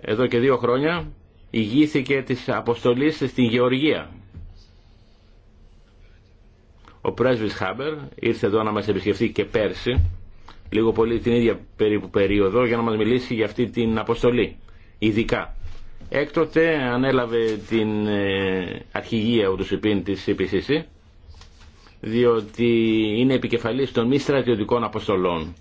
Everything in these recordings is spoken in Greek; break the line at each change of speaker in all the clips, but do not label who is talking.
εδώ και δύο χρόνια ηγήθηκε της αποστολής στην Γεωργία. Ο πρέσβης Χάμπερ ήρθε εδώ να μας επισκεφτεί και πέρσι, λίγο πολύ την ίδια περίπου περίοδο, για να μας μιλήσει για αυτή την αποστολή, ειδικά. Έκτοτε ανέλαβε την ε, αρχηγία ο υπήν της CPCC, διότι είναι επικεφαλής των μη στρατιωτικών αποστολών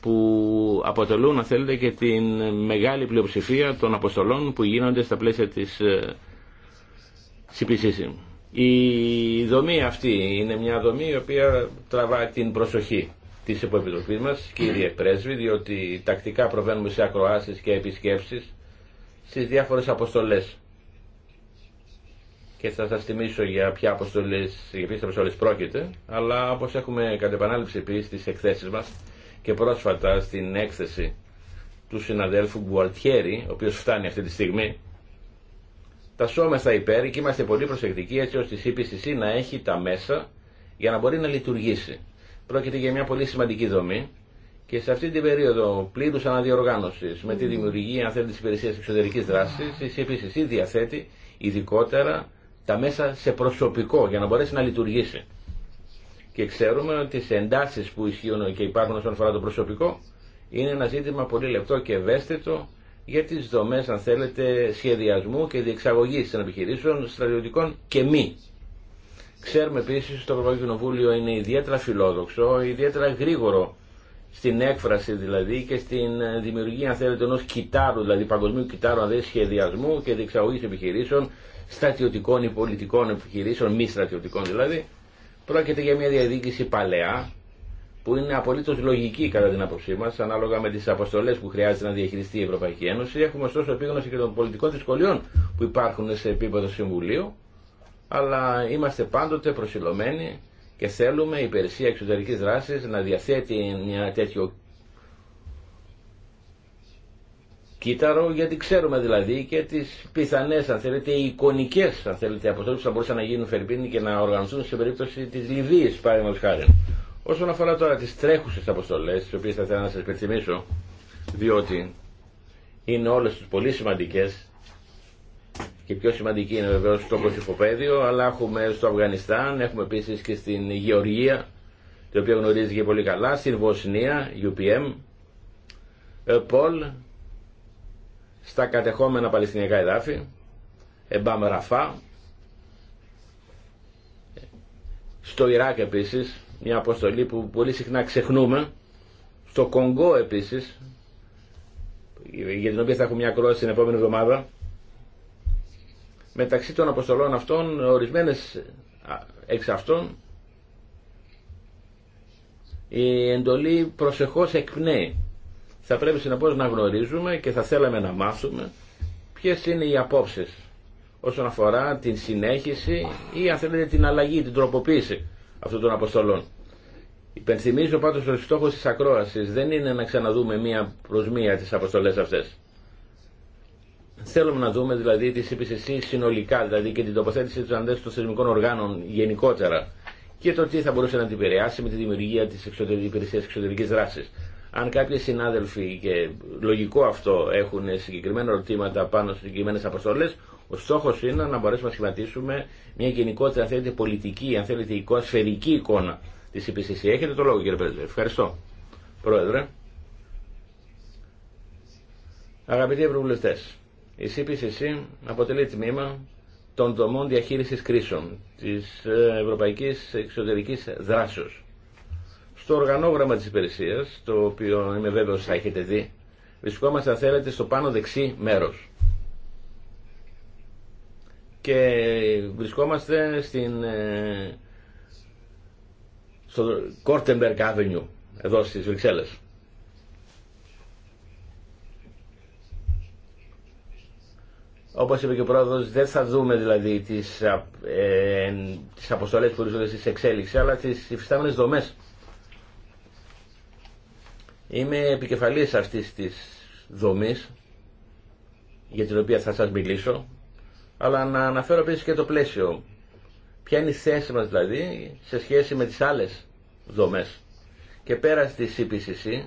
που αποτελούν, αν θέλετε, και την μεγάλη πλειοψηφία των αποστολών που γίνονται στα πλαίσια της CPCC. Ε, η δομή αυτή είναι μια δομή η οποία τραβά την προσοχή της υποεπιτροπής μας, κύριε Πρέσβη, διότι τακτικά προβαίνουμε σε ακροάσεις και επισκέψεις στις διάφορες αποστολές. Και θα σας θυμίσω για ποια αποστολές, για ποιες αποστολές πρόκειται, αλλά όπως έχουμε κατ' επανάληψη πει στις εκθέσεις μας, και πρόσφατα στην έκθεση του συναδέλφου Γκουαλτιέρη, ο οποίος φτάνει αυτή τη στιγμή, τα σώμεθα υπέρ και είμαστε πολύ προσεκτικοί έτσι ώστε η CPCC να έχει τα μέσα για να μπορεί να λειτουργήσει. Πρόκειται για μια πολύ σημαντική δομή και σε αυτή την περίοδο πλήρους αναδιοργάνωσης με τη δημιουργία αν θέλετε της υπηρεσίας εξωτερικής δράσης η CPCC διαθέτει ειδικότερα τα μέσα σε προσωπικό για να μπορέσει να λειτουργήσει και ξέρουμε ότι τι εντάσει που ισχύουν και υπάρχουν όσον αφορά το προσωπικό είναι ένα ζήτημα πολύ λεπτό και ευαίσθητο για τι δομέ αν θέλετε σχεδιασμού και διεξαγωγή των επιχειρήσεων στρατιωτικών και μη. Ξέρουμε επίση ότι το Ευρωπαϊκό Κοινοβούλιο είναι ιδιαίτερα φιλόδοξο, ιδιαίτερα γρήγορο στην έκφραση δηλαδή και στην δημιουργία αν θέλετε ενό κοιτάρου, δηλαδή παγκοσμίου κοιτάρου, αν δηλαδή, σχεδιασμού και διεξαγωγή επιχειρήσεων στρατιωτικών ή πολιτικών επιχειρήσεων, μη στρατιωτικών δηλαδή, Πρόκειται για μια διαδίκηση παλαιά που είναι απολύτω λογική κατά την άποψή μα, ανάλογα με τι αποστολέ που χρειάζεται να διαχειριστεί η Ευρωπαϊκή Ένωση. Έχουμε ωστόσο επίγνωση και των πολιτικών δυσκολιών που υπάρχουν σε επίπεδο Συμβουλίου, αλλά είμαστε πάντοτε προσιλωμένοι και θέλουμε η υπηρεσία εξωτερική δράση να διαθέτει μια τέτοιο κύτταρο γιατί ξέρουμε δηλαδή και τι πιθανέ αν θέλετε εικονικές αν θέλετε αποστολές που θα μπορούσαν να γίνουν Φερπίνη και να οργανωθούν σε περίπτωση τη Λιβύη, παραδείγματο χάρη. Όσον αφορά τώρα τι τρέχουσε αποστολέ τι οποίε θα ήθελα να σα υπενθυμίσω διότι είναι όλε τι πολύ σημαντικέ και πιο σημαντική είναι βεβαίω το Κωσυφοπαίδιο, αλλά έχουμε στο Αφγανιστάν, έχουμε επίση και στην Γεωργία, την οποία γνωρίζει και πολύ καλά, στην Βοσνία, UPM, ΕΠΟΛ στα κατεχόμενα Παλαιστινιακά εδάφη, εμπάμε Ραφά, στο Ιράκ επίσης, μια αποστολή που πολύ συχνά ξεχνούμε, στο Κονγκό επίσης, για την οποία θα έχουμε μια κρόση την επόμενη εβδομάδα, μεταξύ των αποστολών αυτών, ορισμένες εξ αυτών, η εντολή προσεχώς εκπνέει. Θα πρέπει συνεπώ να γνωρίζουμε και θα θέλαμε να μάθουμε ποιε είναι οι απόψει όσον αφορά την συνέχιση ή αν θέλετε την αλλαγή, την τροποποίηση αυτών των αποστολών. Υπενθυμίζω πάντως ότι ο στόχος της ακρόασης δεν είναι να ξαναδούμε μία προς μία τις αποστολές αυτές. Θέλουμε να δούμε δηλαδή τις IPCC συνολικά, δηλαδή και την τοποθέτηση του αντέστου των θεσμικών οργάνων γενικότερα και το τι θα μπορούσε να την επηρεάσει με τη δημιουργία της εξωτερικής υπηρεσίας εξωτερικής δράσης. Αν κάποιοι συνάδελφοι, και λογικό αυτό, έχουν συγκεκριμένα ερωτήματα πάνω στι συγκεκριμένε αποστολέ, ο στόχο είναι να μπορέσουμε να σχηματίσουμε μια γενικότερη, αν θέλετε, πολιτική, αν θέλετε, εικόνα, σφαιρική εικόνα τη IPCC. Έχετε το λόγο, κύριε Πρόεδρε. Ευχαριστώ, Πρόεδρε. Αγαπητοί Ευρωβουλευτέ, η CPCC αποτελεί τμήμα των δομών διαχείρισης κρίσεων της ε, ευρωπαϊκής Εξωτερικής δράσεω στο οργανόγραμμα της υπηρεσίας, το οποίο είμαι βέβαιος θα έχετε δει, βρισκόμαστε αν θέλετε στο πάνω δεξί μέρος. Και βρισκόμαστε στην, ε, στο Κόρτεμπεργκ Avenue, εδώ στις Βρυξέλλες. Όπως είπε και ο πρόεδρος, δεν θα δούμε δηλαδή τις, ε, αποστολές που ορίζονται στις εξέλιξη, αλλά τις υφιστάμενες δομές Είμαι επικεφαλής αυτής της δομής για την οποία θα σας μιλήσω αλλά να αναφέρω επίσης και το πλαίσιο. Ποια είναι η θέση μας δηλαδή σε σχέση με τις άλλες δομές. Και πέρα στη CPCC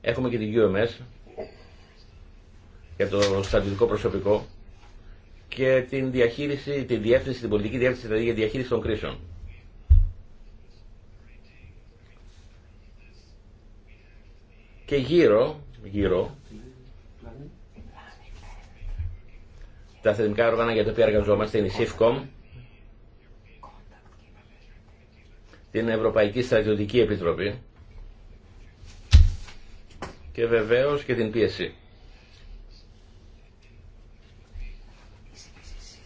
έχουμε και την UMS για το στρατιωτικό προσωπικό και την διαχείριση, την διεύθυνση, την πολιτική διεύθυνση δηλαδή για διαχείριση των κρίσεων. και γύρω, γύρω τα θεσμικά όργανα για τα οποία εργαζόμαστε είναι η ΣΥΦΚΟΜ, την Ευρωπαϊκή Στρατιωτική Επιτροπή και βεβαίως και την πίεση.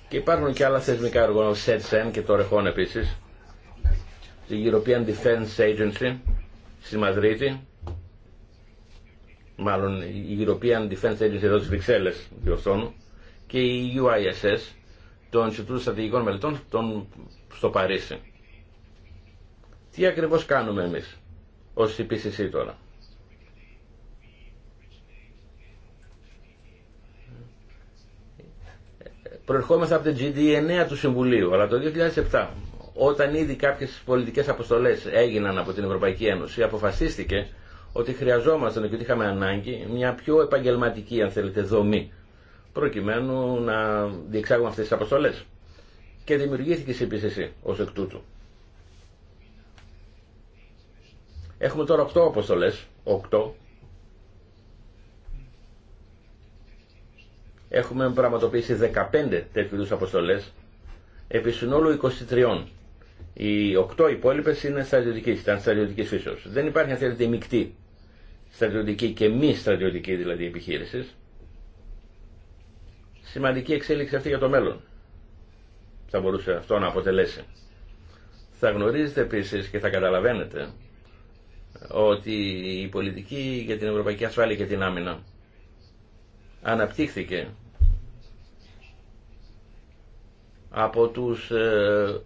Και υπάρχουν και άλλα θεσμικά όργανα, ο ΣΕΤΣΕΝ και το ΡΕΧΟΝ επίσης, την European Defense Agency στη Μαδρίτη, μάλλον η European Defense Agency εδώ στις Βρυξέλλες διορθώνω και η UISS το Ινστιτούτο Στρατηγικών Μελετών τον, στο Παρίσι. Τι ακριβώς κάνουμε εμείς ως IPCC τώρα. Προερχόμαστε από την GD9 του Συμβουλίου, αλλά το 2007 όταν ήδη κάποιες πολιτικές αποστολές έγιναν από την Ευρωπαϊκή Ένωση αποφασίστηκε ότι χρειαζόμασταν και ότι είχαμε ανάγκη μια πιο επαγγελματική αν θέλετε δομή προκειμένου να διεξάγουμε αυτές τις αποστολές. Και δημιουργήθηκε η PCC ως εκ τούτου. Έχουμε τώρα 8 αποστολές, 8. Έχουμε πραγματοποιήσει 15 τέτοιου αποστολές, επί συνόλου 23. Οι 8 υπόλοιπε είναι στρατιωτική, ήταν στρατιωτική φύσεω. Δεν υπάρχει αν θέλετε η μεικτή στρατιωτική και μη στρατιωτική δηλαδή επιχείρηση. Σημαντική εξέλιξη αυτή για το μέλλον. Θα μπορούσε αυτό να αποτελέσει. Θα γνωρίζετε επίση και θα καταλαβαίνετε ότι η πολιτική για την ευρωπαϊκή ασφάλεια και την άμυνα αναπτύχθηκε από τους ε,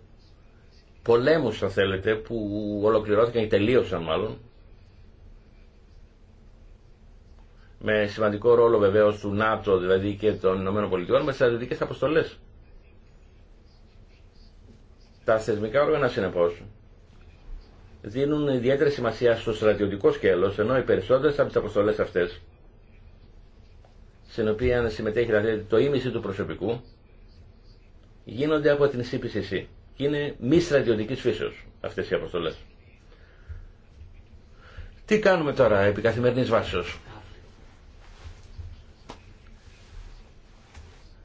πολέμους, θα θέλετε, που ολοκληρώθηκαν ή τελείωσαν μάλλον με σημαντικό ρόλο βεβαίω του ΝΑΤΟ δηλαδή και των ΗΠΑ με στρατιωτικέ αποστολέ. Τα θεσμικά όργανα συνεπώ δίνουν ιδιαίτερη σημασία στο στρατιωτικό σκέλο ενώ οι περισσότερε από τι αποστολέ αυτέ στην οποία συμμετέχει δηλαδή, το ίμιση του προσωπικού γίνονται από την CPCC και είναι μη στρατιωτική φύσεω αυτέ οι αποστολέ. Τι κάνουμε τώρα επί καθημερινής βάσεως.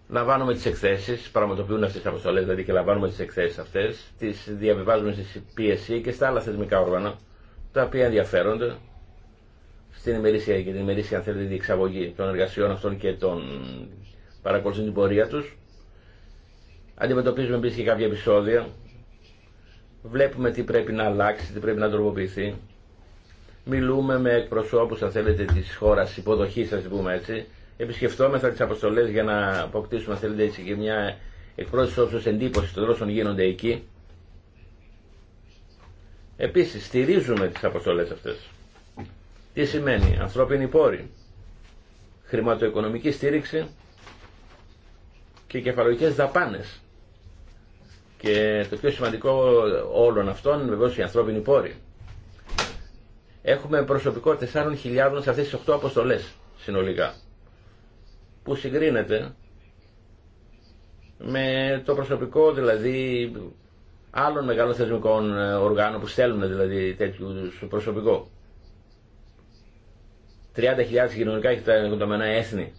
λαμβάνουμε τι εκθέσει, πραγματοποιούν αυτέ τι αποστολέ, δηλαδή και λαμβάνουμε τι εκθέσει αυτέ, τι διαβιβάζουμε στη πίεση και στα άλλα θεσμικά όργανα, τα οποία ενδιαφέρονται στην ημερήσια και την ημερήσια αν θέλετε διεξαγωγή των εργασιών αυτών και των παρακολουθούν την πορεία του. Αντιμετωπίζουμε επίση και κάποια επεισόδια, βλέπουμε τι πρέπει να αλλάξει, τι πρέπει να τροποποιηθεί. Μιλούμε με εκπροσώπους, αν θέλετε, της χώρας υποδοχής, ας πούμε έτσι, επισκεφτόμεθα τι αποστολέ για να αποκτήσουμε, θέλετε, έτσι και μια εκπρόσωπη όσους εντύπωση των όσων γίνονται εκεί. Επίση, στηρίζουμε τι αποστολέ αυτέ. Τι σημαίνει ανθρώπινη πόρη, χρηματοοικονομική στήριξη και κεφαλογικέ δαπάνε. Και το πιο σημαντικό όλων αυτών είναι βεβαίω η ανθρώπινη πόρη. Έχουμε προσωπικό 4.000 σε αυτές τις 8 αποστολέ συνολικά που συγκρίνεται με το προσωπικό δηλαδή άλλων μεγάλων θεσμικών ε, οργάνων που στέλνουν δηλαδή τέτοιου προσωπικό. 30.000 κοινωνικά και τα ένα έθνη.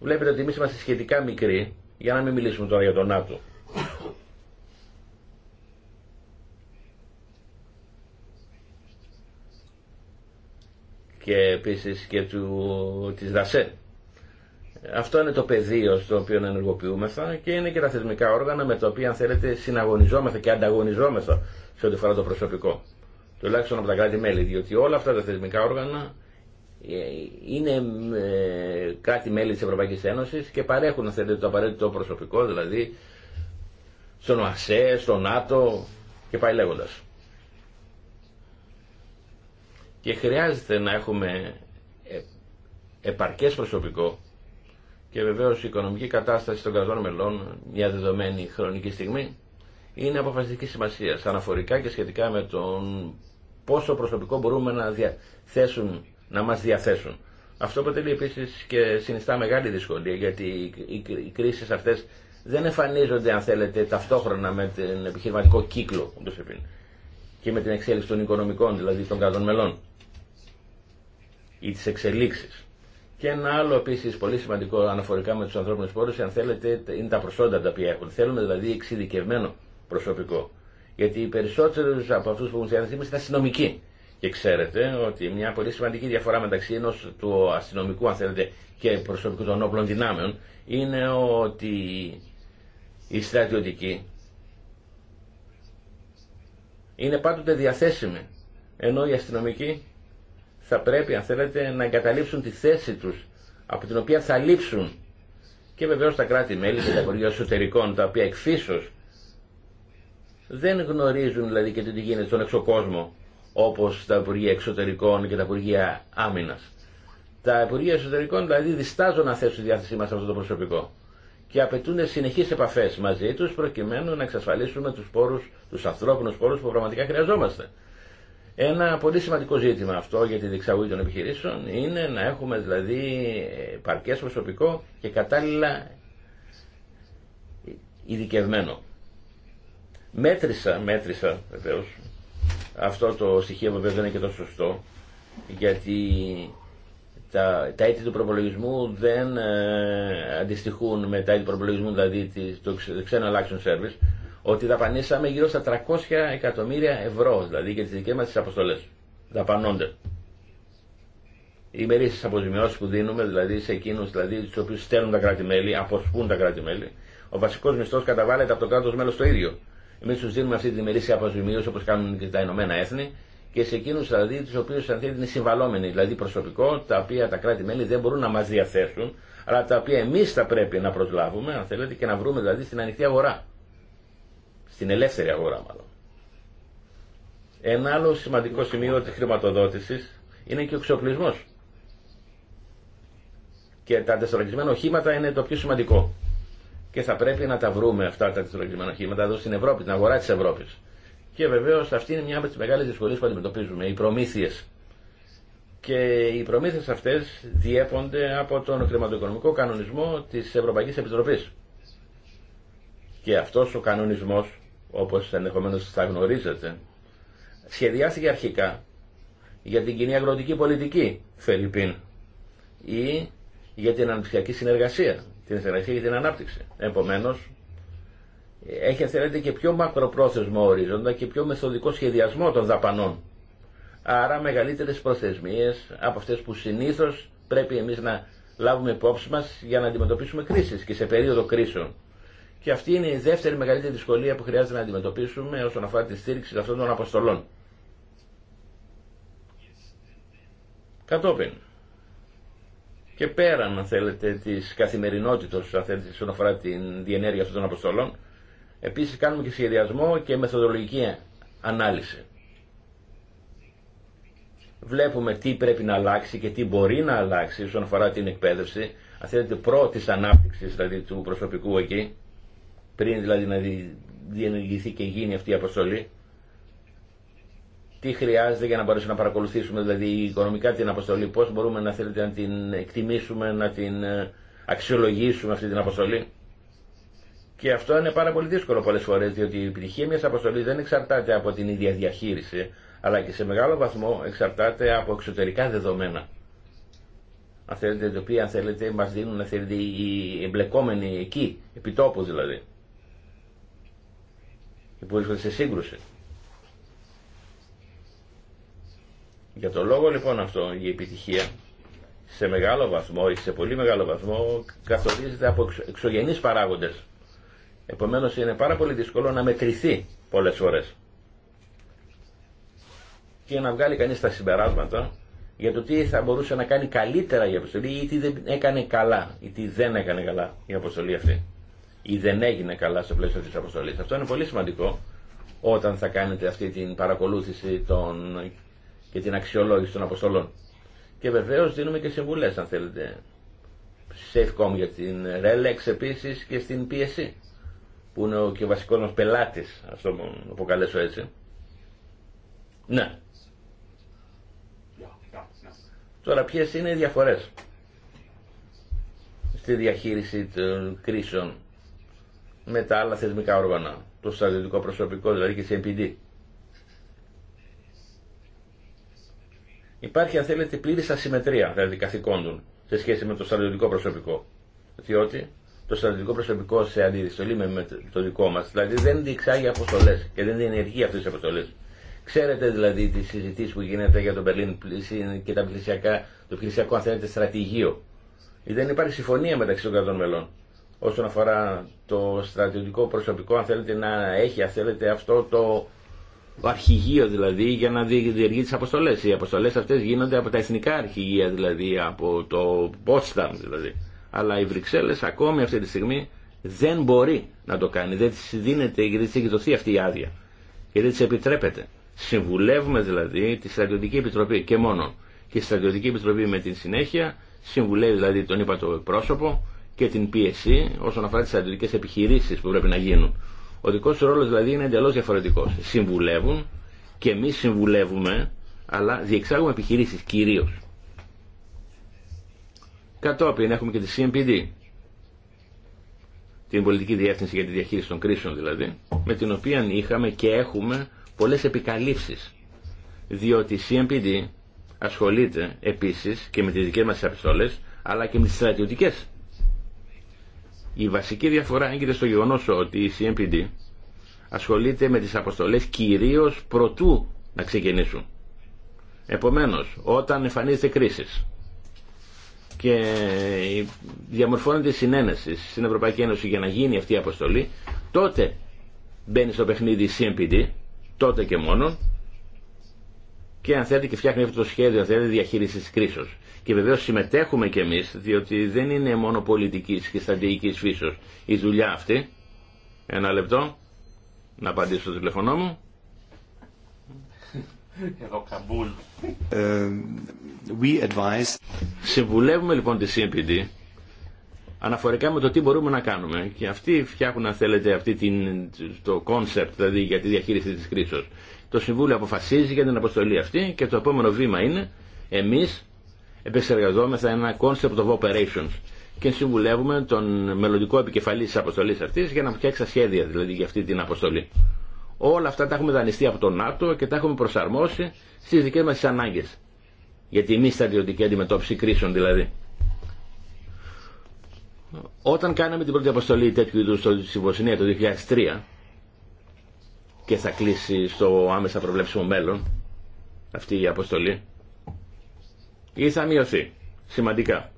Βλέπετε ότι εμεί είμαστε σχετικά μικροί, για να μην μιλήσουμε τώρα για τον ΝΑΤΟ. και επίσης και του, της ΔΑΣΕ. Αυτό είναι το πεδίο στο οποίο ενεργοποιούμεθα και είναι και τα θεσμικά όργανα με τα οποία, αν θέλετε, συναγωνιζόμεθα και ανταγωνιζόμεθα σε ό,τι αφορά το προσωπικό. Τουλάχιστον από τα κράτη-μέλη, διότι όλα αυτά τα θεσμικά όργανα ε, είναι είναι μέλη της Ευρωπαϊκής Ένωσης και παρέχουν, αν θέλετε, το απαραίτητο προσωπικό, δηλαδή στον ΟΑΣΕ, στον ΝΑΤΟ και πάει λέγοντα. Και χρειάζεται να έχουμε ε, επαρκές προσωπικό και βεβαίως η οικονομική κατάσταση των κρατών μελών μια δεδομένη χρονική στιγμή είναι αποφασιστική σημασία αναφορικά και σχετικά με τον πόσο προσωπικό μπορούμε να, διαθέσουν, να μας διαθέσουν. Αυτό αποτελεί επίσης και συνιστά μεγάλη δυσκολία γιατί οι κρίσεις αυτές δεν εμφανίζονται αν θέλετε ταυτόχρονα με τον επιχειρηματικό κύκλο και με την εξέλιξη των οικονομικών δηλαδή των κρατών μελών ή τις εξελίξεις. Και ένα άλλο επίση πολύ σημαντικό αναφορικά με του ανθρώπινου πόρου, αν θέλετε, είναι τα προσόντα τα οποία έχουν. Θέλουμε δηλαδή εξειδικευμένο προσωπικό. Γιατί οι περισσότερου από αυτού που έχουν διάθεσή είναι αστυνομικοί. Και ξέρετε ότι μια πολύ σημαντική διαφορά μεταξύ ενό του αστυνομικού, αν θέλετε, και προσωπικού των όπλων δυνάμεων είναι ότι οι στρατιωτικοί είναι πάντοτε διαθέσιμοι. Ενώ οι αστυνομικοί θα πρέπει αν θέλετε να εγκαταλείψουν τη θέση τους από την οποία θα λείψουν και βεβαίω τα κράτη-μέλη και τα Υπουργεία Εσωτερικών τα οποία εκφίσως δεν γνωρίζουν δηλαδή και τι γίνεται στον εξωκόσμο όπως τα Υπουργεία Εξωτερικών και τα Υπουργεία Άμυνας. Τα Υπουργεία Εσωτερικών δηλαδή διστάζουν να θέσουν τη διάθεσή μας αυτό το προσωπικό και απαιτούν συνεχείς επαφές μαζί τους προκειμένου να εξασφαλίσουμε τους, πόρους, τους ανθρώπινους πόρους που πραγματικά χρειαζόμαστε. Ένα πολύ σημαντικό ζήτημα αυτό για τη διεξαγωγή των επιχειρήσεων είναι να έχουμε δηλαδή παρκές προσωπικό και κατάλληλα ειδικευμένο. Μέτρησα, μέτρησα βεβαίω. Αυτό το στοιχείο βέβαια δεν είναι και το σωστό γιατί τα, τα έτη του προπολογισμού δεν ε, αντιστοιχούν με τα έτη του προπολογισμού δηλαδή το ξένο action service ότι δαπανίσαμε γύρω στα 300 εκατομμύρια ευρώ, δηλαδή για τις δικές μας τις αποστολές δαπανώνται. Οι μερίσει αποζημιώσει που δίνουμε, δηλαδή σε εκείνου δηλαδή, του οποίου στέλνουν τα κράτη-μέλη, αποσπούν τα κράτη-μέλη, ο βασικό μισθό καταβάλλεται από το κράτο μέλο το ίδιο. Εμεί του δίνουμε αυτή τη μερίση αποζημίωση όπω κάνουν και τα Ηνωμένα Έθνη και σε εκείνου δηλαδή του οποίου αν θέλετε είναι συμβαλόμενοι, δηλαδή προσωπικό, τα οποία τα κράτη-μέλη δεν μπορούν να μα διαθέσουν, αλλά τα οποία εμεί θα πρέπει να προσλάβουμε, αν θέλετε, και να βρούμε δηλαδή στην ανοιχτή αγορά στην ελεύθερη αγορά μάλλον. Ένα άλλο σημαντικό σημείο της χρηματοδότησης είναι και ο εξοπλισμός. Και τα τεσσαρακισμένα οχήματα είναι το πιο σημαντικό. Και θα πρέπει να τα βρούμε αυτά τα τεσσαρακισμένα οχήματα εδώ στην Ευρώπη, την αγορά της Ευρώπης. Και βεβαίως αυτή είναι μια από τις μεγάλες δυσκολίες που αντιμετωπίζουμε, οι προμήθειες. Και οι προμήθειες αυτές διέπονται από τον χρηματοοικονομικό κανονισμό της Ευρωπαϊκής Επιτροπής. Και αυτός ο κανονισμός όπως ενδεχομένω θα γνωρίζετε, σχεδιάστηκε αρχικά για την κοινή αγροτική πολιτική, Φελιππίν ή για την αναπτυξιακή συνεργασία, την συνεργασία για την ανάπτυξη. Επομένως, έχει θέλετε και πιο μακροπρόθεσμο ορίζοντα και πιο μεθοδικό σχεδιασμό των δαπανών. Άρα μεγαλύτερες προθεσμίες από αυτές που συνήθως πρέπει εμείς να λάβουμε υπόψη μας για να αντιμετωπίσουμε κρίσεις και σε περίοδο κρίσεων. Και αυτή είναι η δεύτερη μεγαλύτερη δυσκολία που χρειάζεται να αντιμετωπίσουμε όσον αφορά τη στήριξη αυτών των αποστολών. Κατόπιν και πέραν αν θέλετε τη καθημερινότητας όσον αφορά την διενέργεια αυτών των αποστολών Επίση κάνουμε και σχεδιασμό και μεθοδολογική ανάλυση. Βλέπουμε τι πρέπει να αλλάξει και τι μπορεί να αλλάξει όσον αφορά την εκπαίδευση αν θέλετε πρώτη ανάπτυξη δηλαδή του προσωπικού εκεί πριν δηλαδή να διενεργηθεί και γίνει αυτή η αποστολή. Τι χρειάζεται για να μπορέσουμε να παρακολουθήσουμε δηλαδή οικονομικά την αποστολή, πώς μπορούμε να θέλετε να την εκτιμήσουμε, να την ε, αξιολογήσουμε αυτή την αποστολή. Και αυτό είναι πάρα πολύ δύσκολο πολλέ φορέ, διότι η επιτυχία μιας αποστολή δεν εξαρτάται από την ίδια διαχείριση, αλλά και σε μεγάλο βαθμό εξαρτάται από εξωτερικά δεδομένα. Αν θέλετε, τα οποία αν θέλετε, μα δίνουν να θέλετε, οι εμπλεκόμενοι εκεί, επιτόπου δηλαδή που βρίσκονται σε σύγκρουση. Για τον λόγο λοιπόν αυτό η επιτυχία σε μεγάλο βαθμό ή σε πολύ μεγάλο βαθμό καθορίζεται από εξωγενείς παράγοντες. Επομένως είναι πάρα πολύ δύσκολο να μετρηθεί πολλές φορές και να βγάλει κανείς τα συμπεράσματα για το τι θα μπορούσε να κάνει καλύτερα η αποστολή ή τι δεν έκανε καλά ή τι δεν έκανε καλά η αποστολή αυτή ή δεν έγινε καλά στο πλαίσιο της αποστολής. Αυτό είναι πολύ σημαντικό όταν θα κάνετε αυτή την παρακολούθηση και την αξιολόγηση των αποστολών. Και βεβαίως δίνουμε και συμβουλές αν θέλετε. Safecom για την Relex επίσης και στην PSC e, που είναι ο και βασικός μας πελάτης, ας το αποκαλέσω έτσι. Ναι. Τώρα ποιες είναι οι διαφορές στη διαχείριση των κρίσεων με τα άλλα θεσμικά όργανα, το στρατιωτικό προσωπικό δηλαδή και σε MPD. Υπάρχει αν θέλετε πλήρης ασυμμετρία δηλαδή καθηκόντων σε σχέση με το στρατιωτικό προσωπικό. Διότι το στρατιωτικό προσωπικό σε αντιδιστολή με το δικό μας δηλαδή δεν διεξάγει αποστολές και δεν διενεργεί αυτές τις αποστολές. Ξέρετε δηλαδή τις συζητήσεις που γίνεται για τον πλήση και τα πλησιακά, το πλησιακό αν θέλετε στρατηγείο. Δεν υπάρχει συμφωνία μεταξύ των κρατών μελών όσον αφορά το στρατιωτικό προσωπικό αν θέλετε να έχει αν θέλετε, αυτό το αρχηγείο δηλαδή για να διεργεί τις αποστολές. Οι αποστολές αυτές γίνονται από τα εθνικά αρχηγεία δηλαδή, από το Potsdam δηλαδή. Αλλά οι Βρυξέλλες ακόμη αυτή τη στιγμή δεν μπορεί να το κάνει, δεν της δίνεται γιατί της έχει δοθεί αυτή η άδεια και δεν της επιτρέπεται. Συμβουλεύουμε δηλαδή τη Στρατιωτική Επιτροπή και μόνο. Και η Στρατιωτική Επιτροπή με την συνέχεια συμβουλεύει δηλαδή τον είπα το πρόσωπο και την πίεση όσον αφορά τι στρατιωτικέ επιχειρήσει που πρέπει να γίνουν. Ο δικό του ρόλο δηλαδή είναι εντελώ διαφορετικό. Συμβουλεύουν και εμεί συμβουλεύουμε, αλλά διεξάγουμε επιχειρήσει κυρίω. Κατόπιν έχουμε και τη CMPD, την πολιτική διεύθυνση για τη διαχείριση των κρίσεων δηλαδή, με την οποία είχαμε και έχουμε πολλέ επικαλύψεις, διότι η CMPD ασχολείται επίση και με τι δικέ μα επιστολές, αλλά και με τι στρατιωτικέ. Η βασική διαφορά έγκυται στο γεγονός ότι η CMPD ασχολείται με τις αποστολές κυρίως προτού να ξεκινήσουν. Επομένως, όταν εμφανίζεται κρίση και διαμορφώνεται συνένεση στην Ευρωπαϊκή Ένωση για να γίνει αυτή η αποστολή, τότε μπαίνει στο παιχνίδι η CMPD, τότε και μόνο, και αν θέλετε και φτιάχνει αυτό το σχέδιο αν θέλετε, διαχείρισης κρίσεως. Και βεβαίως συμμετέχουμε κι εμείς, διότι δεν είναι μόνο πολιτικής και στρατηγικής φύσεως η δουλειά αυτή. Ένα λεπτό, να απαντήσω στο τηλεφωνό μου.
Εδώ Καμπούλ. Ε,
Συμβουλεύουμε λοιπόν τη CMPD αναφορικά με το τι μπορούμε να κάνουμε. Και αυτοί φτιάχνουν, αν θέλετε, αυτή την, το concept δηλαδή για τη διαχείριση της κρίσης. Το Συμβούλιο αποφασίζει για την αποστολή αυτή και το επόμενο βήμα είναι εμείς επεξεργαζόμεθα ένα concept of operations και συμβουλεύουμε τον μελλοντικό επικεφαλή τη αποστολή αυτή για να φτιάξει τα σχέδια δηλαδή για αυτή την αποστολή. Όλα αυτά τα έχουμε δανειστεί από τον ΝΑΤΟ και τα έχουμε προσαρμόσει στι δικέ μα ανάγκε. Για τη μη στρατιωτική αντιμετώπιση κρίσεων δηλαδή. Όταν κάναμε την πρώτη αποστολή τέτοιου είδου στη Βοσνία το 2003 και θα κλείσει στο άμεσα προβλέψιμο μέλλον αυτή η αποστολή ή θα μειωθεί σημαντικά.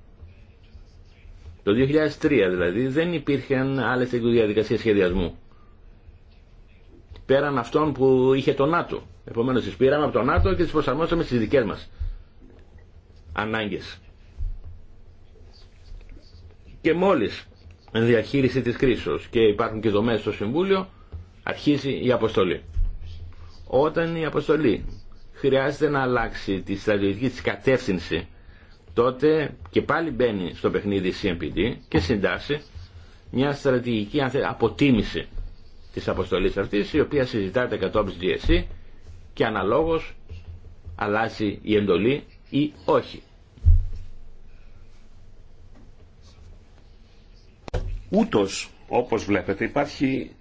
Το 2003 δηλαδή δεν υπήρχαν άλλες διαδικασίες σχεδιασμού. Πέραν αυτών που είχε το ΝΑΤΟ. Επομένως τις πήραμε από το ΝΑΤΟ και τις προσαρμόσαμε στις δικές μας ανάγκες. Και μόλις διαχείριση της κρίσης και υπάρχουν και δομές στο Συμβούλιο αρχίζει η αποστολή. Όταν η αποστολή χρειάζεται να αλλάξει τη στρατηγική της κατεύθυνση τότε και πάλι μπαίνει στο παιχνίδι CMPD και συντάσσει μια στρατηγική αν αποτίμηση της αποστολής αυτής η οποία συζητάται κατόπιν GSE και αναλόγως αλλάζει η εντολή
ή όχι. Ούτως όπως βλέπετε υπάρχει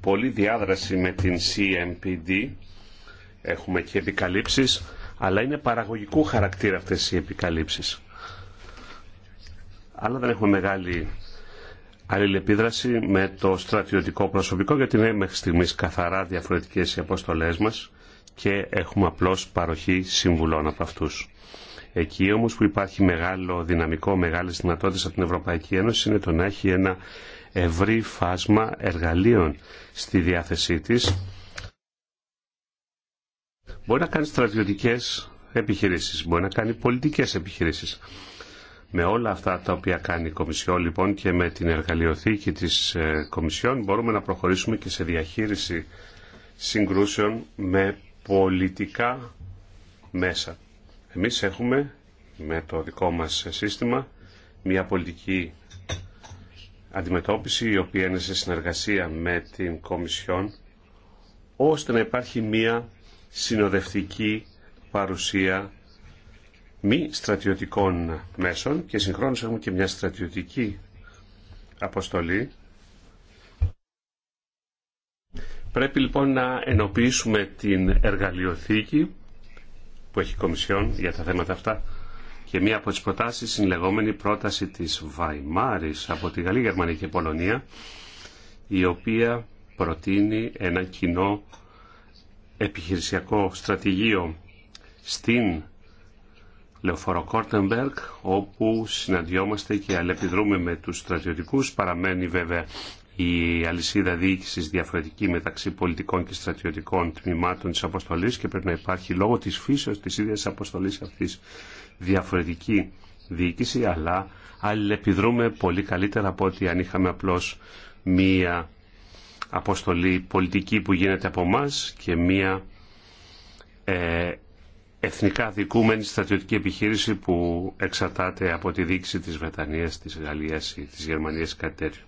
πολλή διάδραση με την CMPD Έχουμε και επικαλύψεις, αλλά είναι παραγωγικού χαρακτήρα αυτές οι επικαλύψεις. Αλλά δεν έχουμε μεγάλη αλληλεπίδραση με το στρατιωτικό προσωπικό, γιατί είναι μέχρι στιγμής καθαρά διαφορετικές οι αποστολές μας και έχουμε απλώς παροχή συμβουλών από αυτούς. Εκεί όμως που υπάρχει μεγάλο δυναμικό, μεγάλες δυνατότητες από την Ευρωπαϊκή Ένωση είναι το να έχει ένα ευρύ φάσμα εργαλείων στη διάθεσή της Μπορεί να κάνει στρατιωτικές επιχειρήσεις, μπορεί να κάνει πολιτικές επιχειρήσεις. Με όλα αυτά τα οποία κάνει η Κομισιόν λοιπόν και με την εργαλειοθήκη της ε, Κομισιόν μπορούμε να προχωρήσουμε και σε διαχείριση συγκρούσεων με πολιτικά μέσα. Εμείς έχουμε με το δικό μας σύστημα μια πολιτική αντιμετώπιση η οποία είναι σε συνεργασία με την Κομισιόν ώστε να υπάρχει μια συνοδευτική παρουσία μη στρατιωτικών μέσων και συγχρόνως έχουμε και μια στρατιωτική αποστολή. Πρέπει λοιπόν να ενοποιήσουμε την εργαλειοθήκη που έχει η Κομισιόν για τα θέματα αυτά και μία από τις προτάσεις είναι λεγόμενη πρόταση της Βαϊμάρης από τη Γαλλία, Γερμανία και Πολωνία η οποία προτείνει ένα κοινό επιχειρησιακό στρατηγείο στην Λεωφόρο Κόρτεμπεργκ, όπου συναντιόμαστε και αλεπιδρούμε με τους στρατιωτικούς. Παραμένει βέβαια η αλυσίδα διοίκηση διαφορετική μεταξύ πολιτικών και στρατιωτικών τμήματων της αποστολής και πρέπει να υπάρχει λόγω της φύσεως της ίδιας αποστολής αυτής διαφορετική διοίκηση, αλλά αλληλεπιδρούμε πολύ καλύτερα από ότι αν είχαμε απλώς μία αποστολή πολιτική που γίνεται από εμά και μία ε, εθνικά δικούμενη στρατιωτική επιχείρηση που εξαρτάται από τη δίκηση της Βρετανίας, της Γαλλίας ή της Γερμανίας κάτι τέτοιο.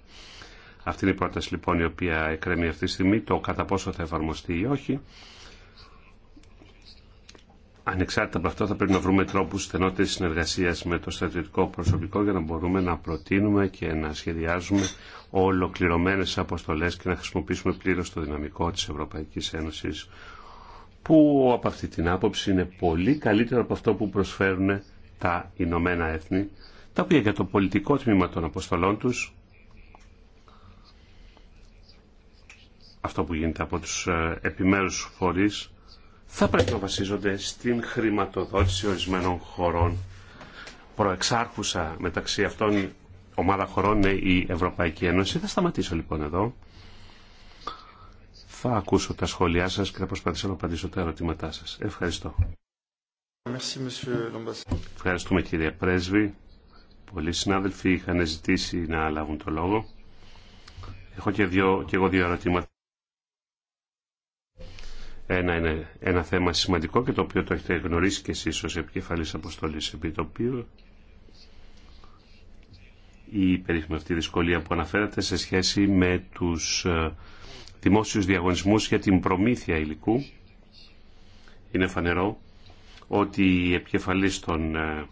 Αυτή είναι η πρόταση λοιπόν η οποία εκκρέμει αυτή τη στιγμή, το κατά πόσο θα εφαρμοστεί ή όχι. Ανεξάρτητα από αυτό θα πρέπει να βρούμε τρόπους στενότερης συνεργασίας με το στρατιωτικό προσωπικό για να μπορούμε να προτείνουμε και να σχεδιάζουμε ολοκληρωμένες αποστολές και να χρησιμοποιήσουμε πλήρως το δυναμικό της Ευρωπαϊκής Ένωσης που από αυτή την άποψη είναι πολύ καλύτερο από αυτό που προσφέρουν τα Ηνωμένα Έθνη τα οποία για το πολιτικό τμήμα των αποστολών τους αυτό που γίνεται από τους ε, επιμέρους φορείς θα πρέπει να βασίζονται στην χρηματοδότηση ορισμένων χωρών. Προεξάρχουσα μεταξύ αυτών ομάδα χωρών είναι η Ευρωπαϊκή Ένωση. Θα σταματήσω λοιπόν εδώ. Θα ακούσω τα σχόλιά σας και θα προσπαθήσω να απαντήσω τα ερωτήματά σας. Ευχαριστώ. Ευχαριστούμε κύριε Πρέσβη. Πολλοί συνάδελφοι είχαν ζητήσει να λάβουν το λόγο. Έχω και εγώ δύο ερωτήματα. Ένα είναι ένα θέμα σημαντικό και το οποίο το έχετε γνωρίσει και εσείς ως επικεφαλής αποστολής επί το οποίο η περίφημη αυτή δυσκολία που αναφέρατε σε σχέση με τους ε, δημόσιους διαγωνισμούς για την προμήθεια υλικού είναι φανερό ότι οι επικεφαλείς των ε,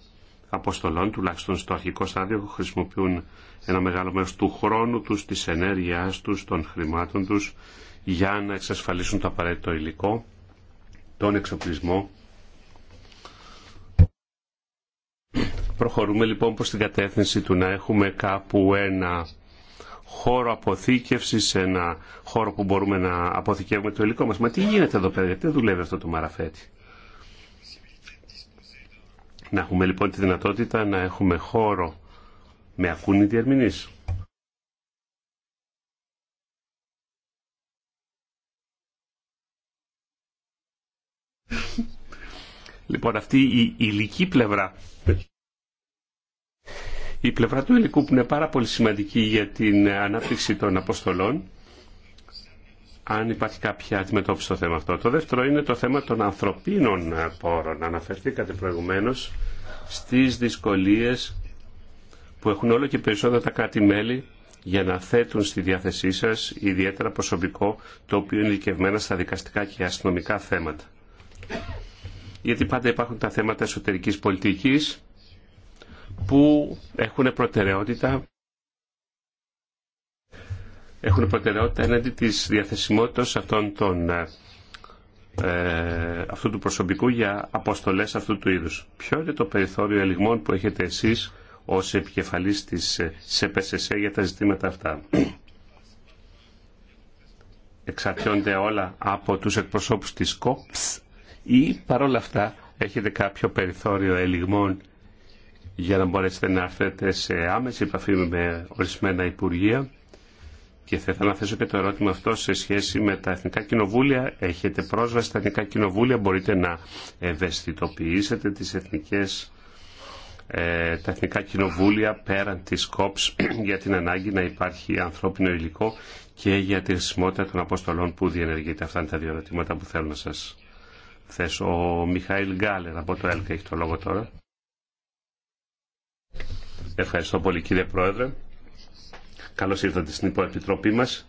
αποστολών, τουλάχιστον στο αρχικό στάδιο, χρησιμοποιούν ένα μεγάλο μέρος του χρόνου τους, της ενέργειάς τους, των χρημάτων τους για να εξασφαλίσουν το απαραίτητο υλικό, τον εξοπλισμό. Προχωρούμε λοιπόν προς την κατεύθυνση του να έχουμε κάπου ένα χώρο αποθήκευσης, ένα χώρο που μπορούμε να αποθηκεύουμε το υλικό μας. Μα τι γίνεται εδώ πέρα, γιατί δουλεύει αυτό το μαραφέτη. Να έχουμε λοιπόν τη δυνατότητα να έχουμε χώρο με ακούνη διερμηνής. λοιπόν, αυτή η υλική πλευρά, η πλευρά του υλικού που είναι πάρα πολύ σημαντική για την ανάπτυξη των αποστολών, αν υπάρχει κάποια αντιμετώπιση στο θέμα αυτό. Το δεύτερο είναι το θέμα των ανθρωπίνων πόρων. Αναφερθήκατε προηγουμένως στι δυσκολίε που έχουν όλο και περισσότερα τα κράτη-μέλη για να θέτουν στη διάθεσή σας ιδιαίτερα προσωπικό το οποίο είναι ειδικευμένα στα δικαστικά και αστυνομικά θέματα γιατί πάντα υπάρχουν τα θέματα εσωτερικής πολιτικής που έχουν προτεραιότητα έχουν προτεραιότητα έναντι της διαθεσιμότητας αυτών των, ε, ε, αυτού του προσωπικού για αποστολές αυτού του είδους. Ποιο είναι το περιθώριο ελιγμών που έχετε εσείς ως επικεφαλής της ε, ΣΕΠΕΣΕΣΕ για τα ζητήματα αυτά. Εξαρτιόνται όλα από τους εκπροσώπους της ΚΟΠΣ ή παρόλα αυτά έχετε κάποιο περιθώριο ελιγμών για να μπορέσετε να έρθετε σε άμεση επαφή με ορισμένα υπουργεία. Και θα ήθελα να θέσω και το ερώτημα αυτό σε σχέση με τα εθνικά κοινοβούλια. Έχετε πρόσβαση στα εθνικά κοινοβούλια, μπορείτε να ευαισθητοποιήσετε τις εθνικές, ε, τα εθνικά κοινοβούλια πέραν της ΚΟΠΣ για την ανάγκη να υπάρχει ανθρώπινο υλικό και για τη χρησιμότητα των αποστολών που διενεργείται. Αυτά είναι τα δύο ερωτήματα που θέλω να σας χθε. Ο Μιχαήλ Γκάλερ από το έλκα έχει το λόγο τώρα. Ευχαριστώ πολύ κύριε Πρόεδρε. Καλώς ήρθατε στην υποεπιτροπή μας.